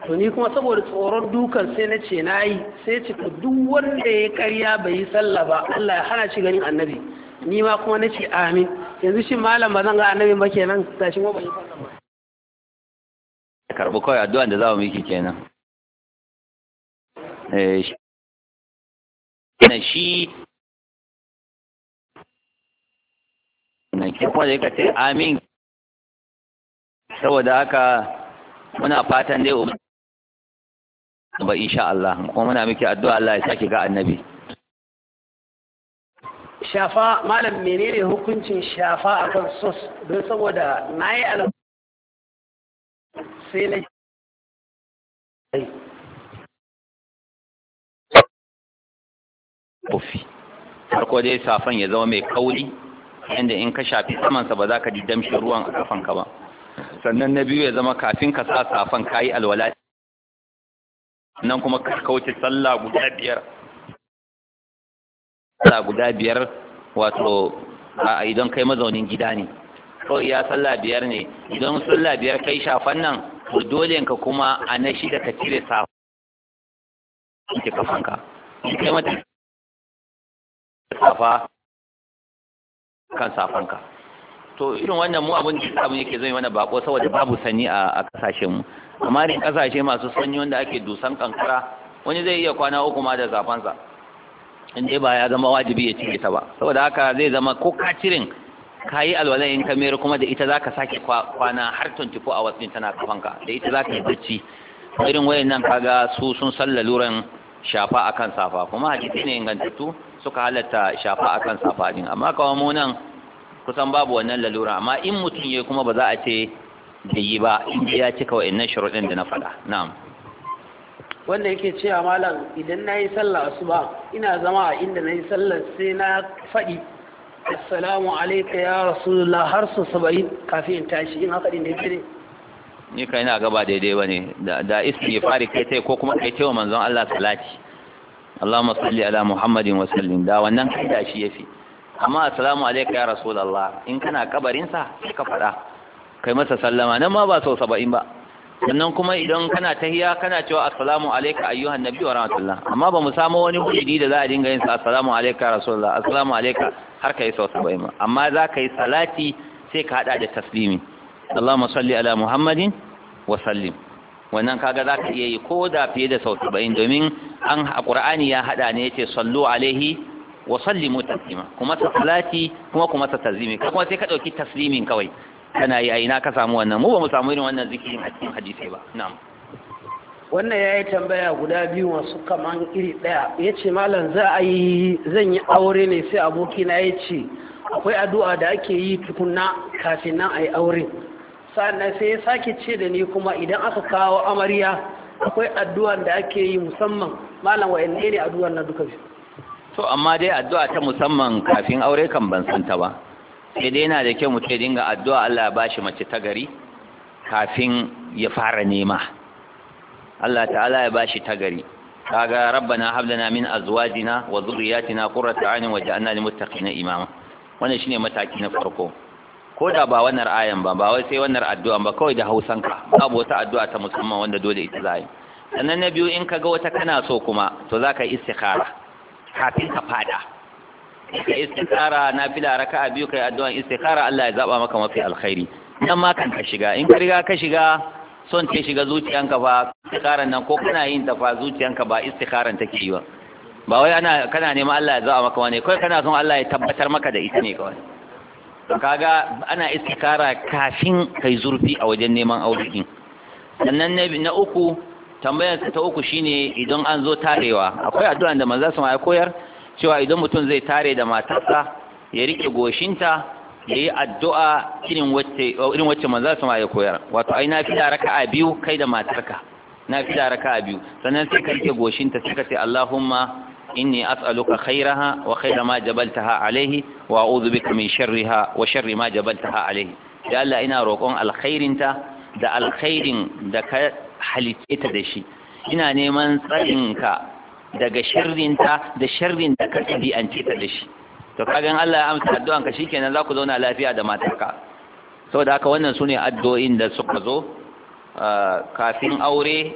to ni kuma saboda tsoron dukan sai na ce na yi sai ce duk wanda ya karya bai yi sallah ba Allah ya hana shi ganin annabi ni ma kuma na ce amin yanzu shi malam ba zan ga annabi ba kenan tashi ma ba yi sallan ba karɓi kawai addu'a da za mu miki kenan eh shi na ke kuma da yake ce amin saboda haka muna fatan dai ba insha Allah kuma muna miki addu'a Allah ya saki ga annabi shafa malam menene hukuncin shafa akan sos don saboda na yi alam sai na Kofi. Farko dai safan ya zama mai kauri inda in ka shafi samansa ba za ka ji damshi ruwan a kafanka ba. Sannan na biyu ya zama kafin ka sa safan kayi alwala. Nan kuma ka kauce sallah guda biyar sa guda biyar wato a idan kai mazaunin gida ne ko iya sallah biyar ne idan sallah biyar kai shafan nan to dole ka kuma a na shida ka cire safa ke kafanka kai mata safa kan safanka to irin wannan mu abin da abin yake zai mana bako saboda babu sanyi a kasashen mu amma ne kasashe masu sanyi wanda ake dusan kankara wani zai iya kwana uku ma da zafansa in dai ba ya zama wajibi ya cire ta ba saboda haka zai zama ko ka cirin ka yi alwala in ka mayar kuma da ita za ka sake kwana har 24 hours din tana kafanka da ita za ka yi bacci irin wayan nan kaga su sun san laluran shafa akan safa kuma hadisi ne ingantattu suka halatta shafa akan safa din amma kawai mu nan kusan babu wannan lalura amma in mutum ya kuma ba za a ce da yi ba in ya cika wayannan shuruɗin da na faɗa na'am wanda yake a malam idan na yi sallah asuba ina zama a inda na yi sallah sai na faɗi assalamu alaika ya rasulullah har su saba'in kafin in tashi in haka din da yake ne ni kai na gaba daidai bane da da ismi fari kai sai ko kuma kai cewa manzon Allah salati Allahumma salli ala Muhammadin wa sallim da wannan kai da shi yafi amma assalamu alaika ya rasulullah in kana kabarin sa ka faɗa kai masa sallama nan ma ba sau saba'in ba sannan kuma idan kana tahiya kana cewa assalamu alayka ayyuhan nabi wa rahmatullah amma ba mu samu wani kudi da za a dinga yin sa assalamu alayka rasulullah assalamu alayka har kai sau 70 amma za ka yi salati sai ka hada da taslimi Allahumma salli ala Muhammadin wa sallim wannan kaga za ka iya yi ko da fiye da sau 70 domin an a Qur'ani ya hada ne yace sallu alaihi wa sallimu taslima kuma salati kuma kuma taslimi kuma sai ka dauki taslimin kawai kana yi a ina ka samu wannan mu ba mu samu irin wannan zikirin a cikin hadisi ba na'am wannan ya yi tambaya guda biyu masu kaman iri ɗaya ya ce malam za a yi zan yi aure ne sai abokina ya ce akwai addu'a da ake yi tukuna kafin nan a yi aure sannan sai ya sake ce da ni kuma idan aka kawo amarya akwai addu'a da ake yi musamman malam wa'in ne addu'a na duka to amma dai addu'a ta musamman kafin aure kan ban santa ba sai dai yana da kyau mutum ya dinga addu'a Allah ya bashi mace ta gari kafin ya fara nema Allah ta'ala ya bashi ta gari kaga rabbana hab lana min azwajina wa dhurriyyatina qurrata a'yun waj'alna lil muttaqina imama wannan shine mataki na farko ko da ba wannan ayan ba ba wai sai wannan addu'a ba kawai da Hausanka babu wata addu'a ta musamman wanda dole ita zai sannan na biyu in kaga wata kana so kuma to zaka yi istikhara kafin ka fada ka istikara na istikhara nafila raka'a biyu kai addu'an istikara. Allah ya zaba maka mafi alkhairi dan ma kan ka shiga in ka riga ka shiga son ta shiga zuciyanka fa istikaran nan ko kana yin ta fa zuciyanka ba istikaran take yi ba ba wai ana kana neman Allah ya zaba maka wani kai kana son Allah ya tabbatar maka da ita ne kawai to kaga ana istikara kafin kai zurfi a wajen neman aure din sannan na uku tambayar ta uku shine idan an zo tarewa akwai addu'an da manzo sama ya koyar cewa idan mutum zai tare da matarsa ya rike goshinta ya yi addu'a irin wacce manzan ma ya koyar wato ai na fi da raka a biyu kai da matarka na fi da raka a biyu sannan sai ka rike goshinta sai ka ce Allahumma inni as'aluka khairaha wa khaira ma jabaltaha alaihi wa a'udhu bika min sharriha wa sharri ma jabaltaha alaihi ya Allah ina roƙon alkhairinta da alkhairin da ka halitta da shi ina neman ka daga ta da shirin da ka ɗabi'ance ta da shi to kagan Allah ya amsa addu'an ka shikenan za ku zauna lafiya da matarka saboda haka wannan sune addu'o'in da suka zo uh, kafin aure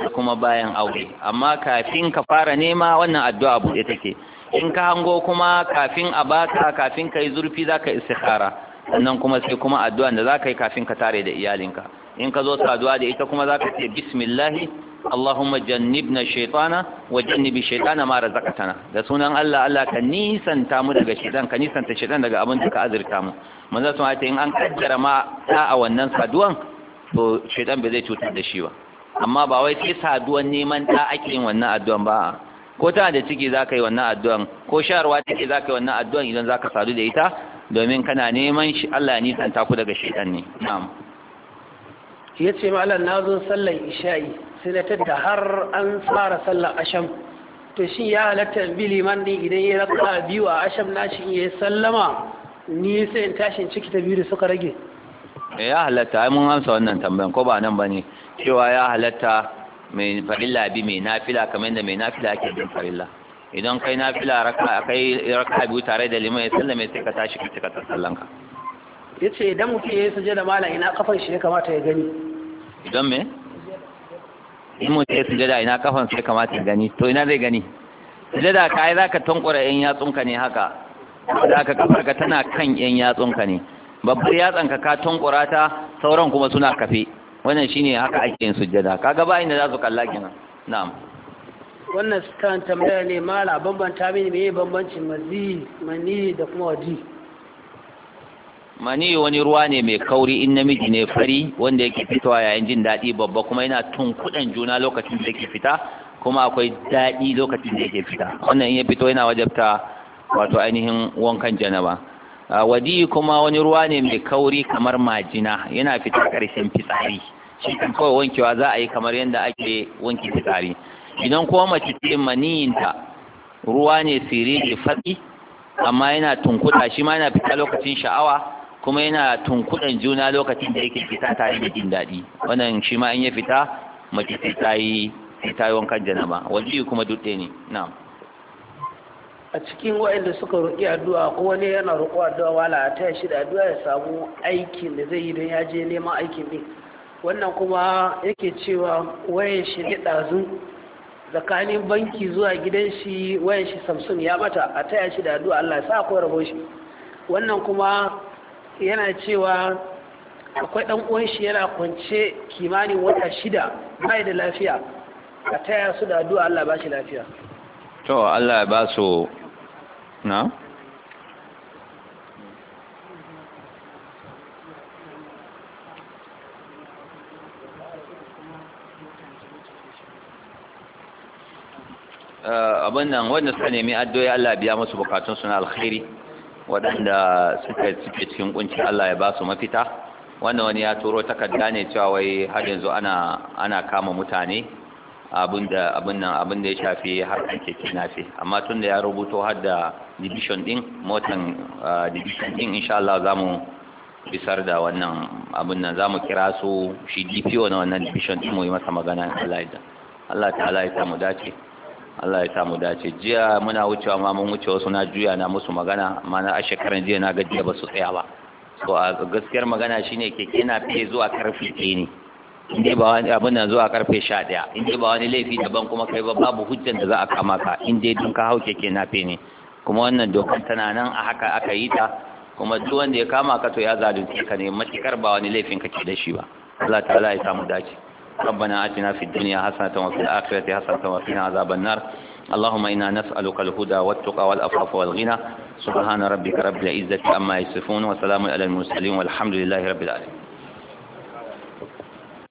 da kuma bayan aure amma kafin ka fara nema wannan addu'a buɗe take in ka hango kuma kafin a baka kafin ka yi zurfi za ka istikhara sannan kuma sai kuma addu'an da za ka yi kafin ka tare da iyalinka in ka zo saduwa da ita kuma za ka ce bismillahi Allahumma جنبنا الشيطان وجنب الشيطان ما رزقتنا ده da sunan Allah Allah تامو nisanta mu daga shaytan ka ta shaytan daga abin da ka azurta mu manzo sun ce in an kaddara ma ta a wannan saduwan to shaytan bai zai cutar da shi ba amma ba wai sai saduwan neman da ake yin wannan addu'an ba ko tana da ciki za ka yi wannan addu'an ko sharwa take za ka yi wannan addu'an idan za ka sadu da ita domin kana neman shi Allah ya ta ku daga shaitan ne na'am yace ma na nazo sallar isha'i sai da har an fara sallar asham to shi ya halatta bi liman din idan ya raka biyu a asham nashi in ya sallama ni sai in tashin ciki ta biyu da suka rage eh, ya halatta ai mun amsa wannan tambayan ko ba nan ba ne? cewa ya halatta mai farilla bi mai nafila kamar yadda mai nafila ake bin farilla idan kai nafila raka kai raka biyu tare da liman ya sallame sai ka tashi ka cika Ya yace idan mutum ya yi sujada malam ina kafan shi ya kamata ya gani idan me in mu ya sujada ina kafan sai kamata gani to ina zai gani sujada kai zaka tankura yan yatsunka ne haka da aka kafar ka tana kan yan yatsunka ne babbar yatsanka ka tankura ta sauran kuma suna kafe wannan shine haka ake yin sujada kaga ba inda za su kalla kina na'am wannan kan tambaya ne mala bambanta mini meye bambancin mazi mani da kuma wadi mani wani ruwa ne mai kauri in namiji ne fari wanda yake fitowa yayin jin daɗi babba kuma yana tunkuɗan juna lokacin da yake fita kuma akwai daɗi lokacin da yake fita wannan in ya fito yana wajabta wato ainihin wankan janaba wadi kuma wani ruwa ne mai kauri kamar majina yana fita ƙarshen fitsari shi kawai wankewa za a yi kamar yadda ake wanke fitsari idan kuma mace ce maniyinta ruwa ne ne fatsi amma yana tunkuɗa shi ma yana fita lokacin sha'awa kuma yana tunkuɗan juna lokacin da yake fita tare da jin daɗi wannan shi ma in ya fita mace sai ta yi sai ta yi wankan janaba wani kuma dutse ne na'am a cikin waɗanda suka roƙi addu'a ko wani yana roƙo addu'a wala ta shi da addu'a ya samu aikin da zai yi don ya je neman aikin ne wannan kuma yake cewa wayan shi ne ɗazu tsakanin banki zuwa gidan shi wayan shi samsung ya bata a taya shi da addu'a Allah sa ko rabo shi wannan kuma yana cewa akwai ɗan uwan shi yana kwance kimanin wata shida bai da lafiya a taya su da addu'a Allah ba shi lafiya to Allah ba su na eh, abin nan wanda suka nemi addu'a Allah biya musu bukatunsu na alkhairi waɗanda suka suke cikin kunci Allah ya ba su mafita wannan wani ya turo takarda ne cewa wai har yanzu ana ana kama mutane abin da abin nan abin da ya shafi har keke nafe amma tun da ya rubuto har da division din motan division din insha Allah za mu bisar da wannan abin nan za mu kira su shi DPO na wannan division din mu yi masa magana Allah ya Allah ta'ala ya samu dace Allah ya samu dace jiya muna wucewa ma mun wuce wasu na juya na musu magana amma na a shekaran jiya na gajiya ba su tsaya ba So a gaskiyar magana shine keke na fiye zuwa karfe ɗaya ne inda ba wani abin nan zuwa karfe sha ɗaya inda ba wani laifi daban kuma kai ba babu hujjan da za a kama ka inda dun ka hau keke na fiye ne kuma wannan dokar tana nan a haka aka yi ta kuma duk wanda ya kama ka to ya zalunce ka ne matukar ba wani laifin kake da shi ba Allah ta'ala ya samu dace ربنا آتنا في الدنيا حسنة وفي الآخرة حسنة وقنا عذاب النار اللهم إنا نسألك الهدى والتقى والأفراف والغنى سبحان ربك رب العزة أما يصفون وسلام على المرسلين والحمد لله رب العالمين